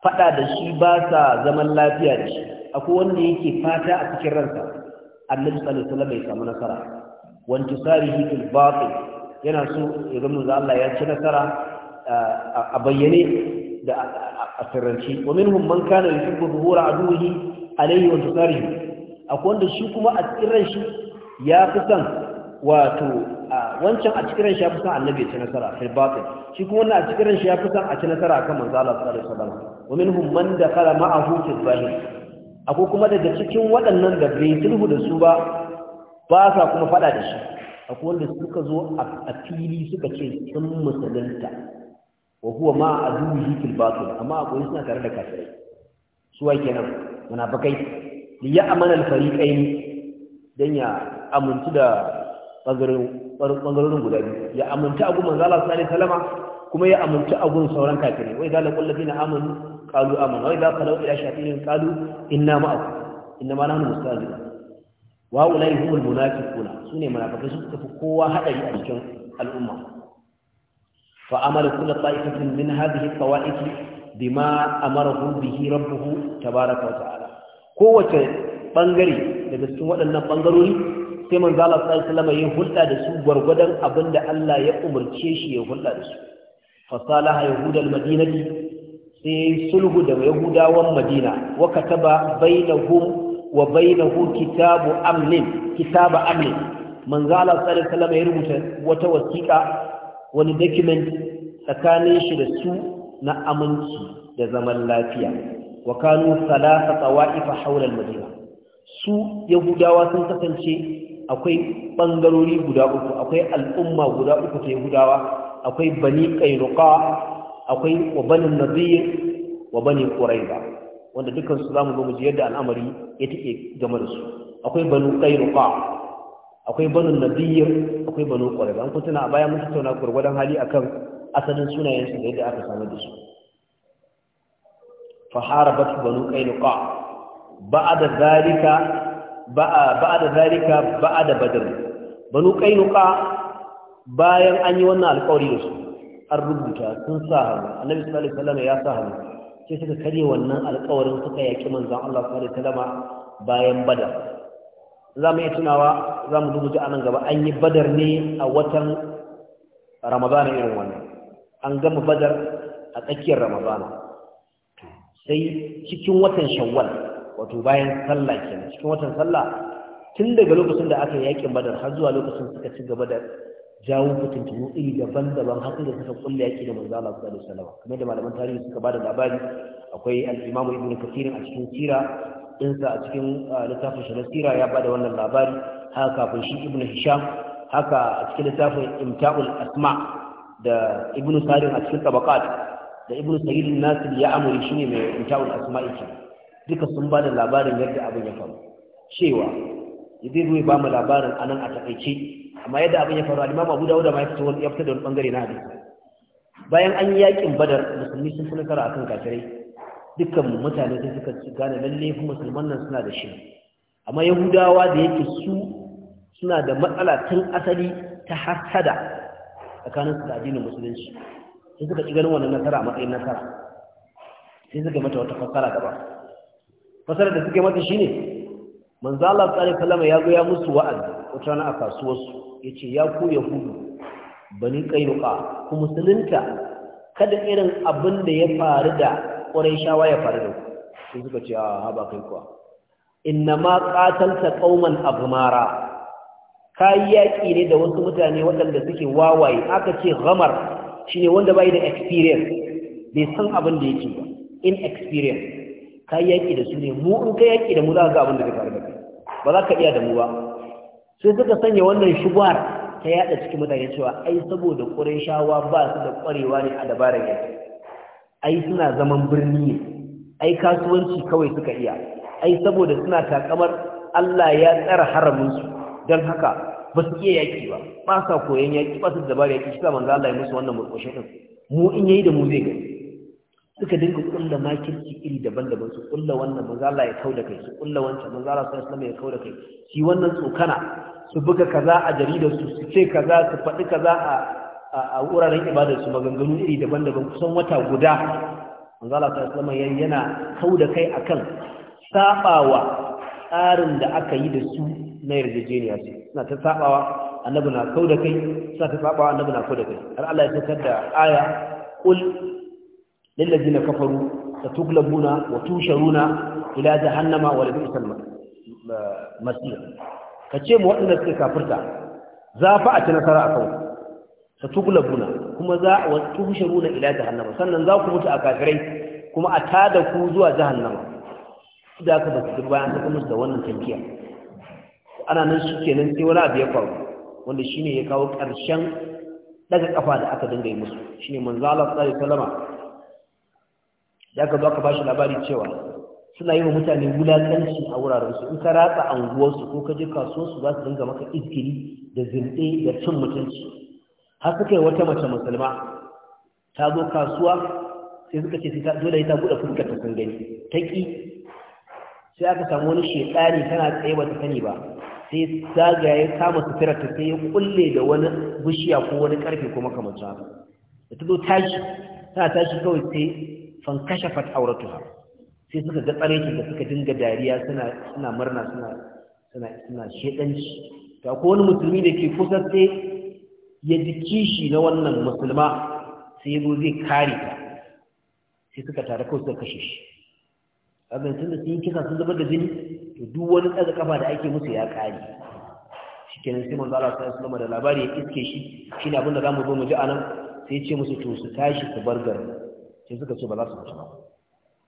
faɗa da shi ba sa zaman lafiya da shi akwai wanda yake fata a cikin ransa annabi sallallahu alaihi wasallam bai samu nasara wan tusarihi fil batil yana so ya ga manzo Allah ya ci nasara a bayyane da a sirrance wa minhum man kana yuhibbu zuhura aduhi alayhi wa tusarihi akwai wanda shi kuma a cikin ran shi ya fi son wato a wancan a cikin ran shi ya fi san annabi ta ci nasara fil batil shi kuma wannan a cikin ran shi ya fi san a ci nasara kan manzo Allah sallallahu alaihi wasallam wa minhum man dakhala ma'ahu fil zahir akwai kuma daga cikin waɗannan da bai sulhu da su ba ba sa kuma faɗa da shi akwai wanda suka zo a fili suka ce sun musulunta wa huwa ma aduhi fil batil amma akwai suna tare da kafirai su wai kenan munafikai li ya'mal al-fariqain dan ya amintu da ɓangarorin guda biyu ya aminta agun manzala su ne salama kuma ya aminta agun sauran kafirai wai zala ƙwallafi na amin kalu amanu. wai za ka lau ila shafirin kalu inna ma'aku inna ma nanu mustazi wa ulai humul munafiquna sune munafikai su tafi kowa hadari a cikin al'umma fa amara kullu ta'ifatin min hadhihi tawa'if bima amarahu bihi rabbuhu tabaaraka wa ta'ala kowace bangare daga cikin waɗannan bangarori sai manzo sallallahu alaihi ya hulɗa da su gwargwadon abin da Allah ya umarce shi ya hulɗa da su fasalaha yahudal madinati sai sulhu da yahudawan madina wa kataba wa bainahu kitabu kitaba amnin manzo sallallahu alaihi ya rubuta wata wasiƙa wani document tsakanin shi da su na aminci da zaman lafiya wa kanu salasa tawaifa hawla madina su yahudawa sun kasance akwai ɓangarori guda uku akwai al'umma guda uku ta yahudawa akwai bani ƙairuka akwai wa bani nazir wa bani ƙuraiba wanda dukansu za mu zo mu yadda al'amari ya take game da su akwai bani ƙairuka akwai bani nazir akwai bani ƙuraiba an kuntuna a baya mun tauna gwargwadon hali akan asalin sunayensu da yadda aka samu da su fa harabat bani ƙairuka ba'da zalika ba'ada zalika ba'ada badr banu qainuqa bayan an yi wannan alƙawari da su an rubuta sun sa hannu annabi sallallahu alaihi wasallam ya sa hannu sai suka kare wannan alƙawarin suka yaki manzon Allah sallallahu alaihi wasallam bayan badar za mu iya tunawa za mu dubuta anan gaba an yi badar ne a watan ramadana irin wannan an gama badar a tsakiyar ramadana sai cikin watan shawwal wato bayan sallah kenan cikin watan sallah tun daga lokacin da aka yakin badar har zuwa lokacin suka ci gaba da jawo fitintunu iri daban-daban har da suka kulle yaki da manzo Allah sallallahu alaihi kamar da malaman tarihi suka da labari akwai al-Imam Ibn Kathir a cikin sira dinsa a cikin littafin shi na sira ya da wannan labari haka kafin shi Ibn Hisham haka a cikin littafin Imta'ul Asma da Ibn Sarin a cikin Tabaqat da Ibn Sayyid an-Nasir ya amuri ne mai Imta'ul Asma'i kenan duka sun ba da labarin yadda abin ya faru cewa zai zo ya ba mu labarin anan a takaice amma yadda abin ya faru al-imam abu dawud ma ya fito ya fito da bangare na hadisi bayan an yi yakin badar musulmi sun fi nasara akan kafirai dukkan mutane sai suka gane lalle musulman nan suna da shi amma yahudawa da yake su suna da matsala tun asali ta hasada tsakanin su da addinin musulunci sai suka ci ganin wannan nasara a matsayin nasara sai suka mata wata fassara gaba fasar da suke mata shine manzo Allah sallallahu alaihi wasallam ya zo musu wa'azi wata rana a kasuwar su yace ya ku yahudu bani qainuqa ku musulunta kada irin abin da ya faru da quraishawa ya faru da ku sai suka ce a ah, ha ba kai kuwa inna ma qatalta qauman abmara kai yaki ne da wasu mutane waɗanda suke wawaye aka ce ghamar shine wanda bai da experience bai san abin da yake ba inexperience ka yi yaƙi da su ne mu in ka yaƙi da mu za ka ga abin da ka faru da kai ba za ka iya da mu ba sai suka sanya wannan shubuhar ta yaɗa cikin mutane cewa ai saboda shawa ba su da ƙwarewa ne a dabarar yaƙi ai suna zaman birni ne ai kasuwanci kawai suka iya ai saboda suna takamar Allah ya tsara haraminsu don haka ba su iya yaki ba ba sa koyon yaƙi ba su dabarar yaƙi shi sa manzo Allah ya musu wannan murƙushe din mu in yayi da mu zai gani suka dinga kulla makirci iri daban-daban su kulla wannan manzala ya kau da kai su kulla wancan manzala sai islam ya kau da kai shi wannan tsokana su buga kaza a jaridar su su ce kaza su faɗi kaza a a wuraren ibadar su maganganu iri daban-daban kusan wata guda manzala sai islam yana kau da kai akan sabawa tsarin da aka yi da su na yarjejeniya ce suna ta sabawa annabi na kau da kai suna ta sabawa annabi na kau da kai har Allah ya saukar da aya qul lillazina kafaru satuglabuna wa tusharuna ila jahannama wa labisal masir kace mu waɗanda suke kafirta za fa a ci nasara a kan satuglabuna kuma za a wa tusharuna ila jahannama sannan za ku mutu a kafirai kuma a tada ku zuwa jahannama da aka basu duk bayan ta musu da wannan tankiya ana nan shi kenan sai wani abu ya faru wanda shine ya kawo ƙarshen daga kafa da aka dinga yi musu shine manzo Allah sallallahu alaihi wasallama Ya ka zo aka ba labari cewa suna yi wa mutane wulaƙanci a wuraren su. in ka ratsa anguwarsu ko ka je kasuwarsu za su dinga maka izgiri da zinde da cin mutunci har suka yi wata mace musulma ta zo kasuwa sai suka ce dole ta buɗe fuskar ta sun gani ta ƙi sai aka samu wani shekari tana tsaye ba ta sani ba sai zagaye kama sutura ta sai ya kulle da wani bishiya ko wani karfe ko makamanta da ta zo tashi tana tashi kawai sai fankashafat auratuha sai suka ga tsare da suka dinga dariya suna suna murna suna suna suna shedanci to akwai wani musulmi da ke kusa sai ya ji kishi na wannan musulma sai yazo zai kare ta sai suka tare kawai suka kashe shi abin tunda da sun yi kisa sun zubar da jini to duk wani tsaga kafa da ake musu ya kare shi kenan sai manzo Allah sallallahu alaihi wasallam da labari ya iske shi shine abin da zamu zo mu ji anan sai ya ce musu to su tashi su bar garin sai suka ce ba za su mutu ba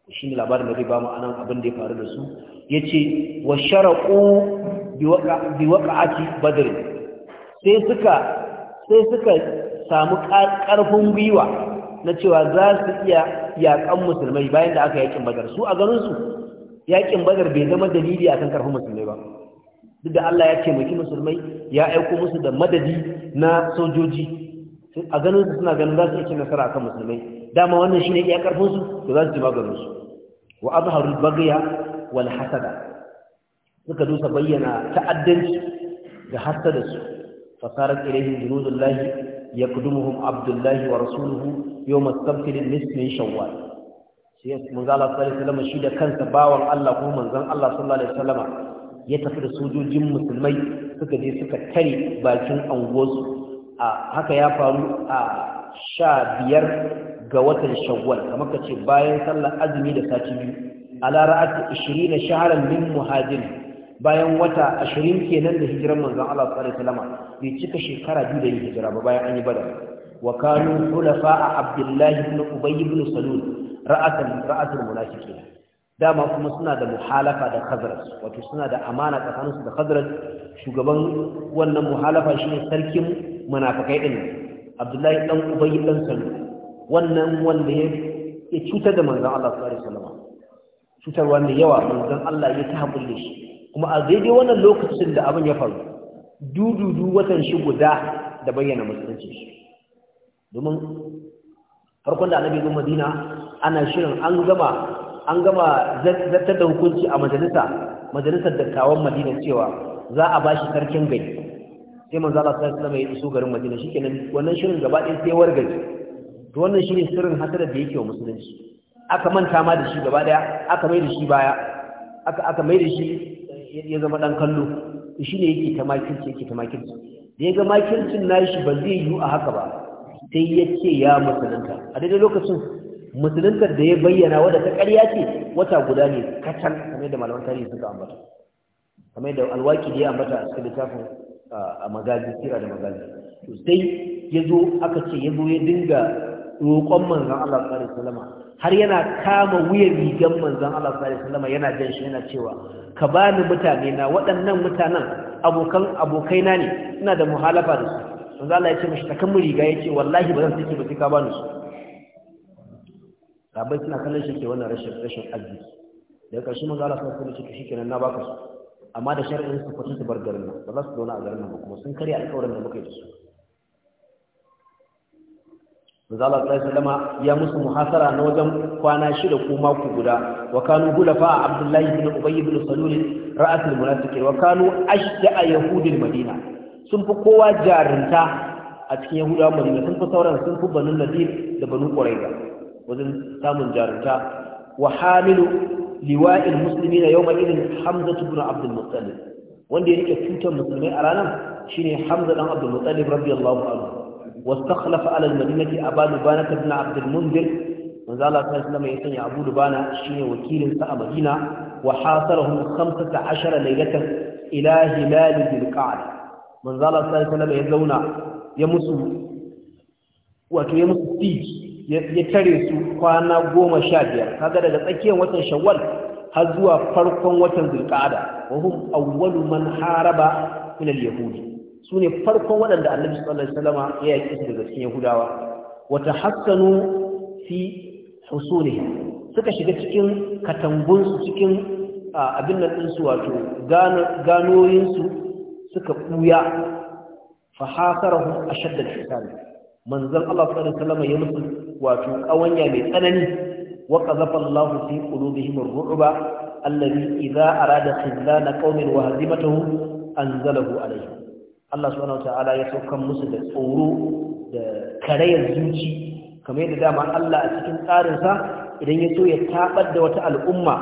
shi ne labarin da zai ba mu anan abin da ya faru da su ya ce wa sharaƙo bi ake badr sai suka sai suka samu ƙarfin gwiwa na cewa za su iya yaƙan musulmai bayan da aka yakin badar su a ganinsu yaƙin badar bai zama dalili akan ƙarfin musulmai ba duk da Allah ya taimaki musulmai ya aiko musu da madadi na sojoji a ganin su suna ganin za su iya cin nasara akan musulmai dama wannan shine iya karfin su to za su ji maganin su wa azharu bagya wal hasada suka dusa bayyana ta'addanci da hasada su fasarat ilayhim junudullahi yakdumuhum abdullahi wa rasuluhu yawm as-sabt lil-nisf min shawwal sai manzo Allah sallallahu alaihi wasallam shi da kansa bawan Allah ko manzon Allah sallallahu alaihi wasallam ya tafi da sojojin musulmai suka je suka tare bakin angosu a haka ya faru a sha biyar ga watan shawwal kamar ka ce bayan sallar azumi da sati biyu ala ra'ati 20 shahran min muhajir bayan wata 20 kenan da hijiran manzon Allah sallallahu alaihi wasallam bai cika shekara biyu da hijira ba bayan an yi badar wa kanu a abdullahi ibn ubay ibn salul ra'atan ra'atul munafiqin dama kuma suna da muhalafa da khazraj wato suna da amana tsakaninsu da khazraj shugaban wannan muhalafa shine sarkin munafikai din Abdullahi dan Ubay dan Salul wannan wanda ya cutar da manzan Allah sallallahu alaihi wasallam cutarwa mai yawa manzan Allah ya ta hakulle shi kuma a daidai wannan lokacin da abin ya faru dududu watan shi guda da bayyana musulunci shi domin farkon da annabi zuwa Madina ana shirin an gama an gama zartar da hukunci a majalisa majalisar dattawan Madina cewa za a ba shi sarkin gari sai manzala Allah sallallahu alaihi ya iso garin Madina shi kenan wannan shirin gaba ɗaya sai wargaji to wannan shine sirrin hasarar da yake wa musulunci aka manta ma da shi gaba daya aka mai da shi baya aka aka mai da shi eh, ya zama dan kallo to shine yake ta makirci yake ta makirci da ya ga makircin nashi ba zai yiwu a haka ba sai ya ce ya musulunta a daidai lokacin musuluntar da ya bayyana wadda ta ƙarya ce wata guda ne kacal kamar da malaman tarihi suka ambata kamar da alwaki da ya ambata a cikin littafin ah, a magazi sira da magazi sai ya zo aka ce ya zo ya dinga roƙon manzan Allah sallallahu alaihi wasallam har yana kama wuyan rigan manzan Allah sallallahu alaihi wasallam yana jan shi yana cewa ka bani mutane na waɗannan mutanen abokan abokaina ne ina da muhalafa da su manzon Allah ya ce mishi takan mu riga ce, wallahi ba zan take ba sai ka bani su sabai suna kallon shi ke wannan rashin rashin arziki da ƙarshe manzon Allah sallallahu alaihi wasallam ya shikenan na baka su amma da shar'in su kwatanta su bar garin nan ba za su zauna a garin nan ba kuma sun karya alƙawarin da muka yi da su manzala sallama ya musu muhasara na wajen kwana shida ko mako guda wa kanu hulafa abdullahi ibn ubay ibn salul ra'atul munafiqin wa kanu madina sun fi kowa jarinta a cikin yahudawa madina sun fi sauran sun fi banu nadir da banu quraiza wajen samun jarinta wa hamilu liwa'il muslimina yawma idin hamza ibn abdul muttalib wanda ya rike tutar musulmai a ranar shine hamza dan abdul muttalib radiyallahu anhu واستخلف على المدينة أبا لبانة بن عبد المنذر من ذا الله صلى الله عليه وسلم يسمي أبو لبانة شين وكيل سأ مدينة وحاصرهم خمسة عشر ليلة إلى هلال ذي القعدة من ذا الله صلى الله عليه وسلم يزون يمسو wato ya musu siji ya tare su kwana goma sha biyar kaga daga tsakiyar watan shawwal har zuwa farkon watan zulqa'ada wa hum awwalu man haraba min al-yahudi su ne farkon waɗanda annabi sallallahu alaihi wasallam ya yaki su daga cikin yahudawa wata hassanu fi husunihim suka shiga cikin katangun su cikin abin nan din su wato ganoyin su suka buya fa hasarahu ashadda al-hisab manzon Allah sallallahu alaihi wasallam ya musu wato kawanya mai tsanani wa qadhafa Allah fi qulubihim ar-ru'ba alladhi idha arada khizlana qaumin wa hazimatahum anzalahu alaihim Allah subhanahu ya saukan musu da tsoro da karayar zuci kamar yadda dama Allah a cikin tsarinsa idan ya so ya tabar da wata al'umma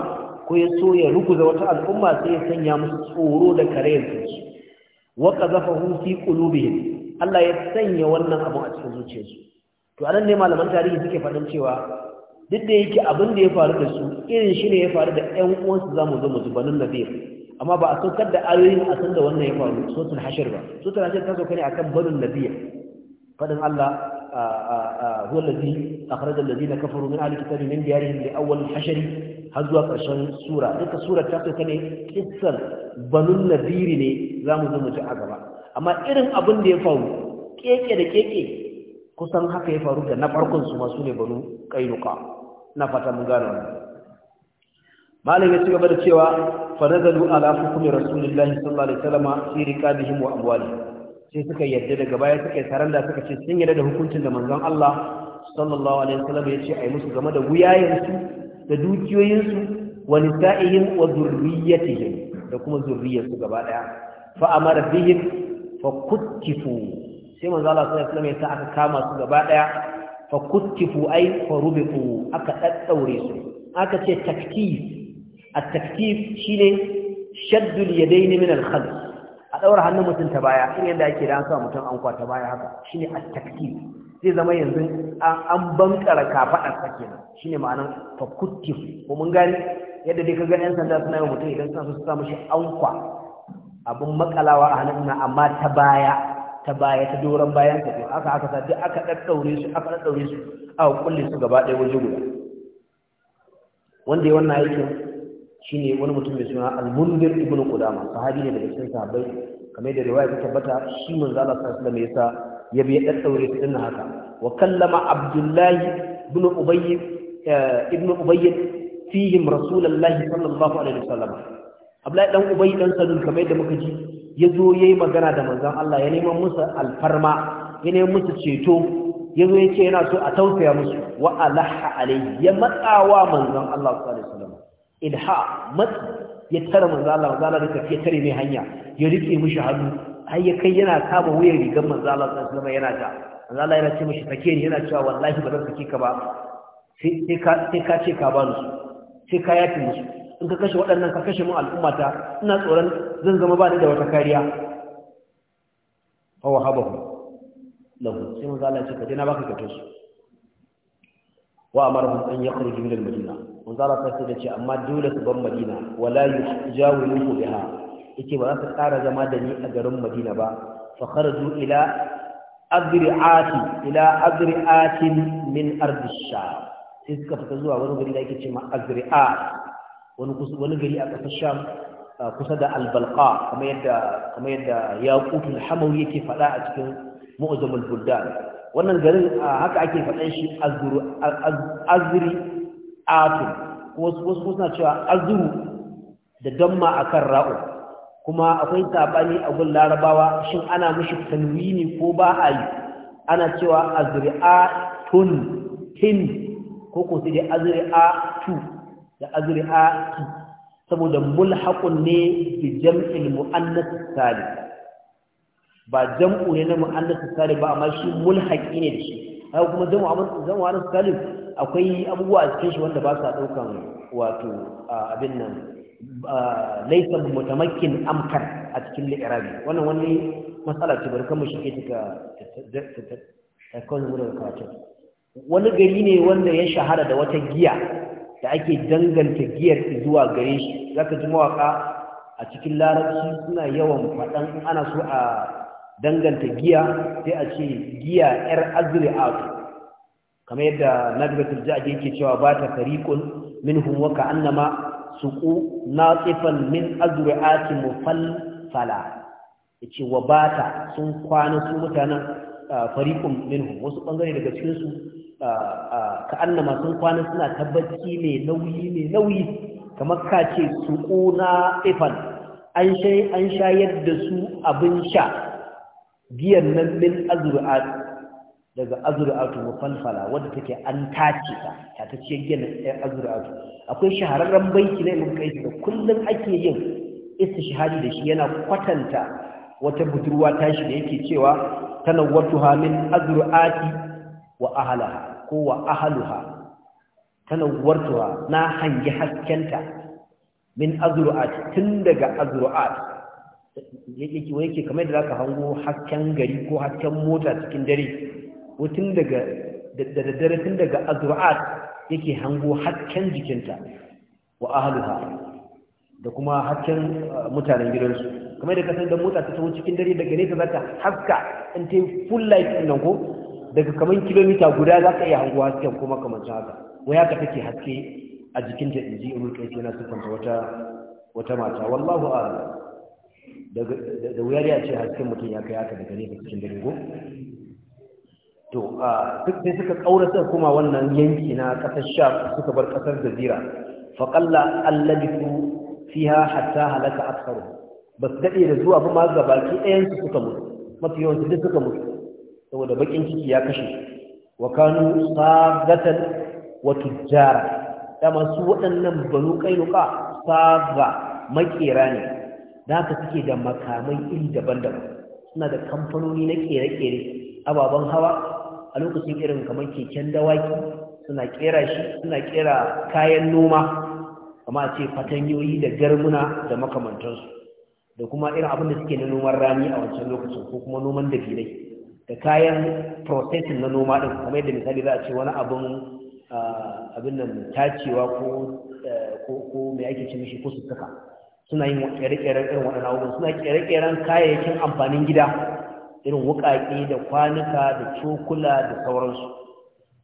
ko ya so ya ruguza wata al'umma sai ya sanya musu tsoro da karayar zuci wa qazafahu fi qulubihim Allah ya sanya wannan abu a cikin zuciyarsu to anan ne malaman tarihi suke faɗin cewa duk da yake abin da ya faru da su irin shi ne ya faru da ƴan uwansu zamu zo mu zubanin nabiyar amma ba a saukar da ayoyin a san da wannan ya faru sotun hashir ba sotun hashir ta sauka ne akan barin nabiya Faɗin Allah a huwar lazi a kharajar lazi na kafaru min ahli kitabi min biyari da awal hashari har zuwa karshen sura duka surar ta sauka ne kissar banun nabiri ne za mu zama a gaba amma irin abun da ya faru keke da keke kusan haka ya faru da na farkon su masu ne banu kainuka na fata mun gano wannan malam ya ci gaba da cewa fa nazalu ala hukmi rasulillahi sallallahu alaihi wasallam fi riqabihim wa amwalihim sai suka yadda daga baya suka yi saranda suka ce sun yadda da hukuncin da manzon Allah sallallahu alaihi wasallam ya ce ai musu game da wuyayensu da dukiyoyinsu wa nisa'ihim wa zurriyyatihim da kuma su gaba daya fa amara bihim fa kuttifu sai manzo Allah sallallahu alaihi wasallam ya sa aka kama su gaba daya fa kuttifu ai fa rubiqu aka daddaure su aka ce taktif التكتيف شيني شد اليدين من الخلف a ɗaura hannun mutum ta baya irin yadda ake da an sa mutum an kwata baya haka shine at-taktif zai zama yanzu an bankara kafadar sa kenan shine ma'anar fakuttif ko mun gani yadda dai ka kaga yan sanda suna yi mutum idan suna so su sa mishi ankwa abin makalawa a hannun na amma ta baya ta baya ta doron bayan ta to aka aka sa duk aka daddaure su aka daddaure su aka kulle su gaba ɗaya waje guda wanda ya wannan aikin ne wani mutum mai suna al-mundir ibn qudama sahabi ne daga cikin sahabbai kamar da riwaya ta tabbata shi manzo Allah sallallahu alaihi wasallam yasa ya bi dan daure su dinnan haka wa kallama Abdullahi ibn ubay eh, ibn ubay fihim rasulullahi sallallahu alaihi wasallam abdullahi dan ubay dan sadul kamar yadda muka ji ya zo ya yi magana da manzon Allah ya neman musu alfarma ya neman musu ceto ya zo ya ce yana so a tausaya musu wa alaha alaihi ya matsawa manzon Allah sallallahu alaihi wasallam ilha mat ya tara manzo Allah manzo Allah da ya tare mai hanya ya rike mishi hannu har ya kai yana kama wuyar rigar manzo Allah sallallahu alaihi yana ta manzo Allah yana ce mishi take ni yana cewa wallahi ba zan sake ka ba sai ka sai ka ce ka ba ni sai ka yafi musu in ka kashe waɗannan ka kashe mun al'ummata ina tsoron zan zama ba ni da wata kariya fa wahabahu lahu sai manzo Allah ya ce ka je na baka kato su wa amara an yakhruju min al-madina manzala ta sai da ce amma dole su ban madina wala yujawiru biha yace ba za su ƙara zama da ni a garin madina ba fa kharaju ila azri'ati ila azri'atin min ardi sai suka fita zuwa wani gari da yake ce ma azri'a wani wani gari a ƙasar sham kusa da albalqa kamar yadda kamar yadda yaqutul hamawi yake faɗa a cikin mu'jamul buldan wannan garin haka ake faɗan shi azri atun wasu wasu suna cewa azuru da damma akan ra'u kuma akwai saɓani a gun larabawa shin ana mishi tanwini ko ba a yi ana cewa tun tin ko ko sai tu da azri'ati saboda mulhaqun ne bi jam'il muannas salim ba jam'u ne na mu'annas salim ba amma shi mulhaqi ne da shi haka kuma jam'u amma jam'u mu'annas salim akwai abubuwa a cikin shi wanda ba sa ɗaukan wato abin nan laisa mutamakin amkar a cikin li'irabi wannan wani matsala ce bari kama shige ta ta kawai mu wani gari ne wanda ya shahara da wata giya da ake danganta giyar zuwa gare shi zaka ji mawaka a cikin larabci suna yawan faɗan ana so a danganta giya sai a ce giya yar azria kamar yadda nadbatul ja'd yake cewa ba ta tariqun minhum wa ka'annama suqu naqifan min azra'ati mufallala yace wa bata sun kwana su mutanen fariqun minhum wasu bangare daga cikin su ka'annama sun kwana suna tabbaci mai nauyi ne nauyi kamar ka ce suqu naqifan an shay an shayar da su abin sha biyan nan min azra'ati daga azur'atu mufalfala wadda take an tace ta ta tace ce gina ɗan azur'atu akwai shahararren baiti na imam kaisi da kullum ake yin istishhadi da shi yana kwatanta wata budurwa tashi da yake cewa tana tanawwatuha min azur'ati wa ahalaha ko wa ahaluha wartuwa na hangi haskenta min azur'ati tun daga azur'ati yake kamar da zaka hango hasken gari ko hasken mota cikin dare wutun daga da daddare tun daga azru'at yake hango hakken jikinta wa ahluha da kuma hakken uh, mutanen gidansu kamar da kasar da mota ta taho cikin dare daga nesa zaka haska in ta yi full light din nan ko daga kaman kilomita guda za ka iya hango hasken kuma kamar haka wai haka take haske a jikinta in ji in ta na sufanta wata wata mata wallahu a'lam da wuyar ya ce hasken mutum ya kai haka daga nesa cikin dare ko to duk sai suka ƙaurata kuma wannan yanki na kasar sham suka bar kasar jazira fa qalla allabitu fiha hatta halaka aktharu bas dade da zuwa kuma gabaki ɗayan su suka mutu mafi yawanci duk suka mutu saboda bakin ciki ya kashe wa kanu sagatan wa Tujara. dama su waɗannan banu kainuka saga makera ne da haka suke da makamai iri daban-daban suna da kamfanoni na kere-kere ababen hawa a lokacin irin kamar keken dawaki suna kera shi suna kera kayan noma kama a ce fatanyoyi da garmuna da makamantansu da kuma irin abin da suke na noman rani a wancan lokacin ko kuma noman dabilai da kayan processing na noma din kamar yadda misali za a ce wani abin abin nan tacewa ko eh, ko mai ake ce mishi ko sussuka suna yin kere-keren irin waɗannan abubuwan suna kere-keren kayayyakin amfanin gida irin wuƙaƙe da kwanuka da cokula da sauransu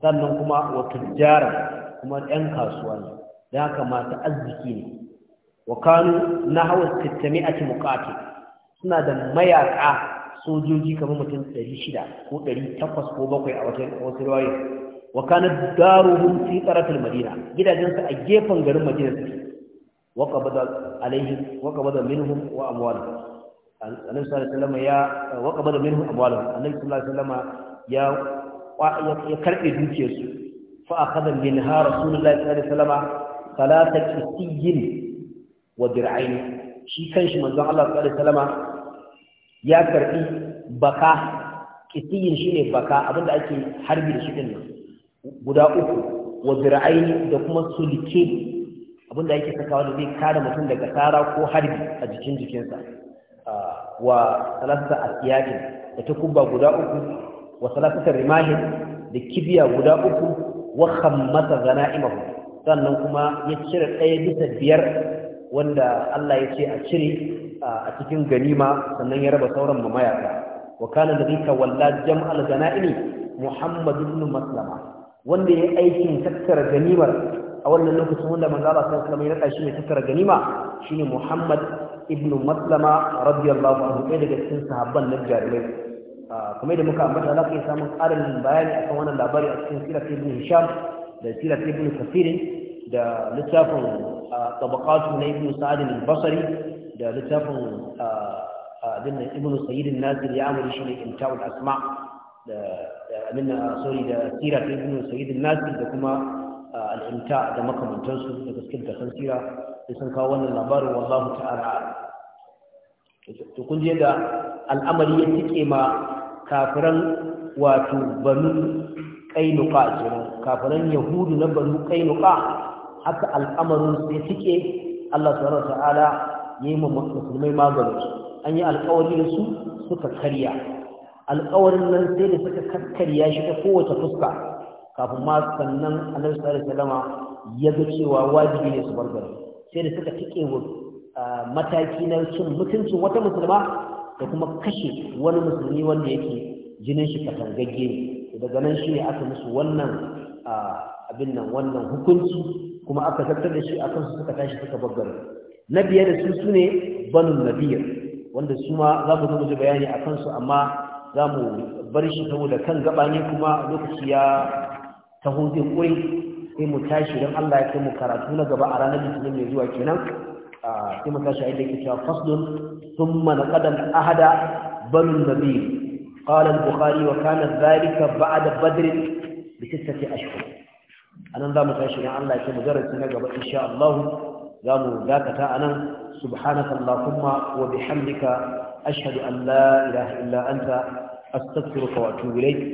sannan kuma wa tujjara kuma ɗan kasuwa ne da haka masu arziki ne wa kanu na hawa tattami a timuƙati suna da mayaƙa sojoji kamar mutum 600 shida ko 800 takwas ko bakwai a wasu riwayoyi wa kana daruhum fi taratil madina gidajensu a gefen garin madina suke wa qabada alaihi wa qabada minhum wa amwalihim annabi sallallahu alaihi wasallam ya waqaba da minhu amwalahum annabi sallallahu alaihi wasallam ya ya karbe dukiyarsu fa akhadha minha rasulullahi sallallahu alaihi wasallam salata qisiyyin wa dir'ain shi kanshi manzon Allah sallallahu alaihi wasallam ya karbi baka qisiyyin shine baka abinda ake harbi da shi din nan guda uku wa dir'ain da kuma sulke abinda ake sakawa da zai kare mutum daga tara ko harbi a jikin jikinsa wa salasa asiyakin da takubba guda uku wa salasa rimahin da kibiya guda uku wa khammasa zana'imahu sannan kuma ya cire ɗaya bisa biyar wanda Allah ya ce a cire a cikin ganima sannan ya raba sauran mamayaka wa kana walla tawalla jam'al ganaimi Muhammad ibn Maslama wanda ya aikin tattara ganimar a wannan lokacin wanda manzo Allah sallallahu alaihi wasallam ya rada shi ne tattara ganima shine Muhammad ibn maslama radiyallahu anhu ɗaya daga cikin sahabban na jarumai kuma da muka ambata za ka yi samun ƙarin bayani akan wannan labari a cikin sirat ibn hisham da sirat ibn kafirin da littafin tabaqatu na ibn sa'ad al-basri da littafin dinnan ibn sayyid an-nasir ya amuri shi ne imta'ul asma da amin sorry da sirat ibn sayyid an-nasir da kuma al-imta da makamantansu da cikin tafsira sai sun kawo wannan labarin wallahu ta'ala to kun je da al'amari ya tike ma kafiran wato banu kainuka kenan kafiran yahudu na banu kainuka haka al'amarin sai tike Allah subhanahu ta'ala yayi ma musulmai magani an yi alƙawari da su suka karya alƙawarin nan sai da suka kakkarya shi ta kowace fuska kafin ma sannan annabi sallallahu alaihi wasallama ya ga cewa wajibi ne su bar gari sai da suka tike wa mataki na cin mutuncin wata musulma da kuma kashe wani musulmi wanda yake jinin shi katangagge ne daga nan shi ne aka musu wannan abin nan wannan hukunci kuma aka zartar da shi akan su suka tashi suka baggare na biyar da su su ne banun nabiyar wanda su ma za mu zo bayani a kansu amma za mu bar shi saboda kan gaba ne kuma lokaci ya taho zai sai mu tashi don Allah ya kai mu karatu na gaba a ranar litinin mai zuwa kenan sai mu tashi a yadda ke cewa fasdun, sun mana kadan ahada banun nabi biyu, al-bukhari wa kana da ba'da badr bi A nan za mu tashi don Allah ya kai mu darasi na gaba insha Allah zamu dakata anan subhanaka allahumma wa bihamdika ashhadu an la ilaha illa anta astaghfiruka wa atubu ilayk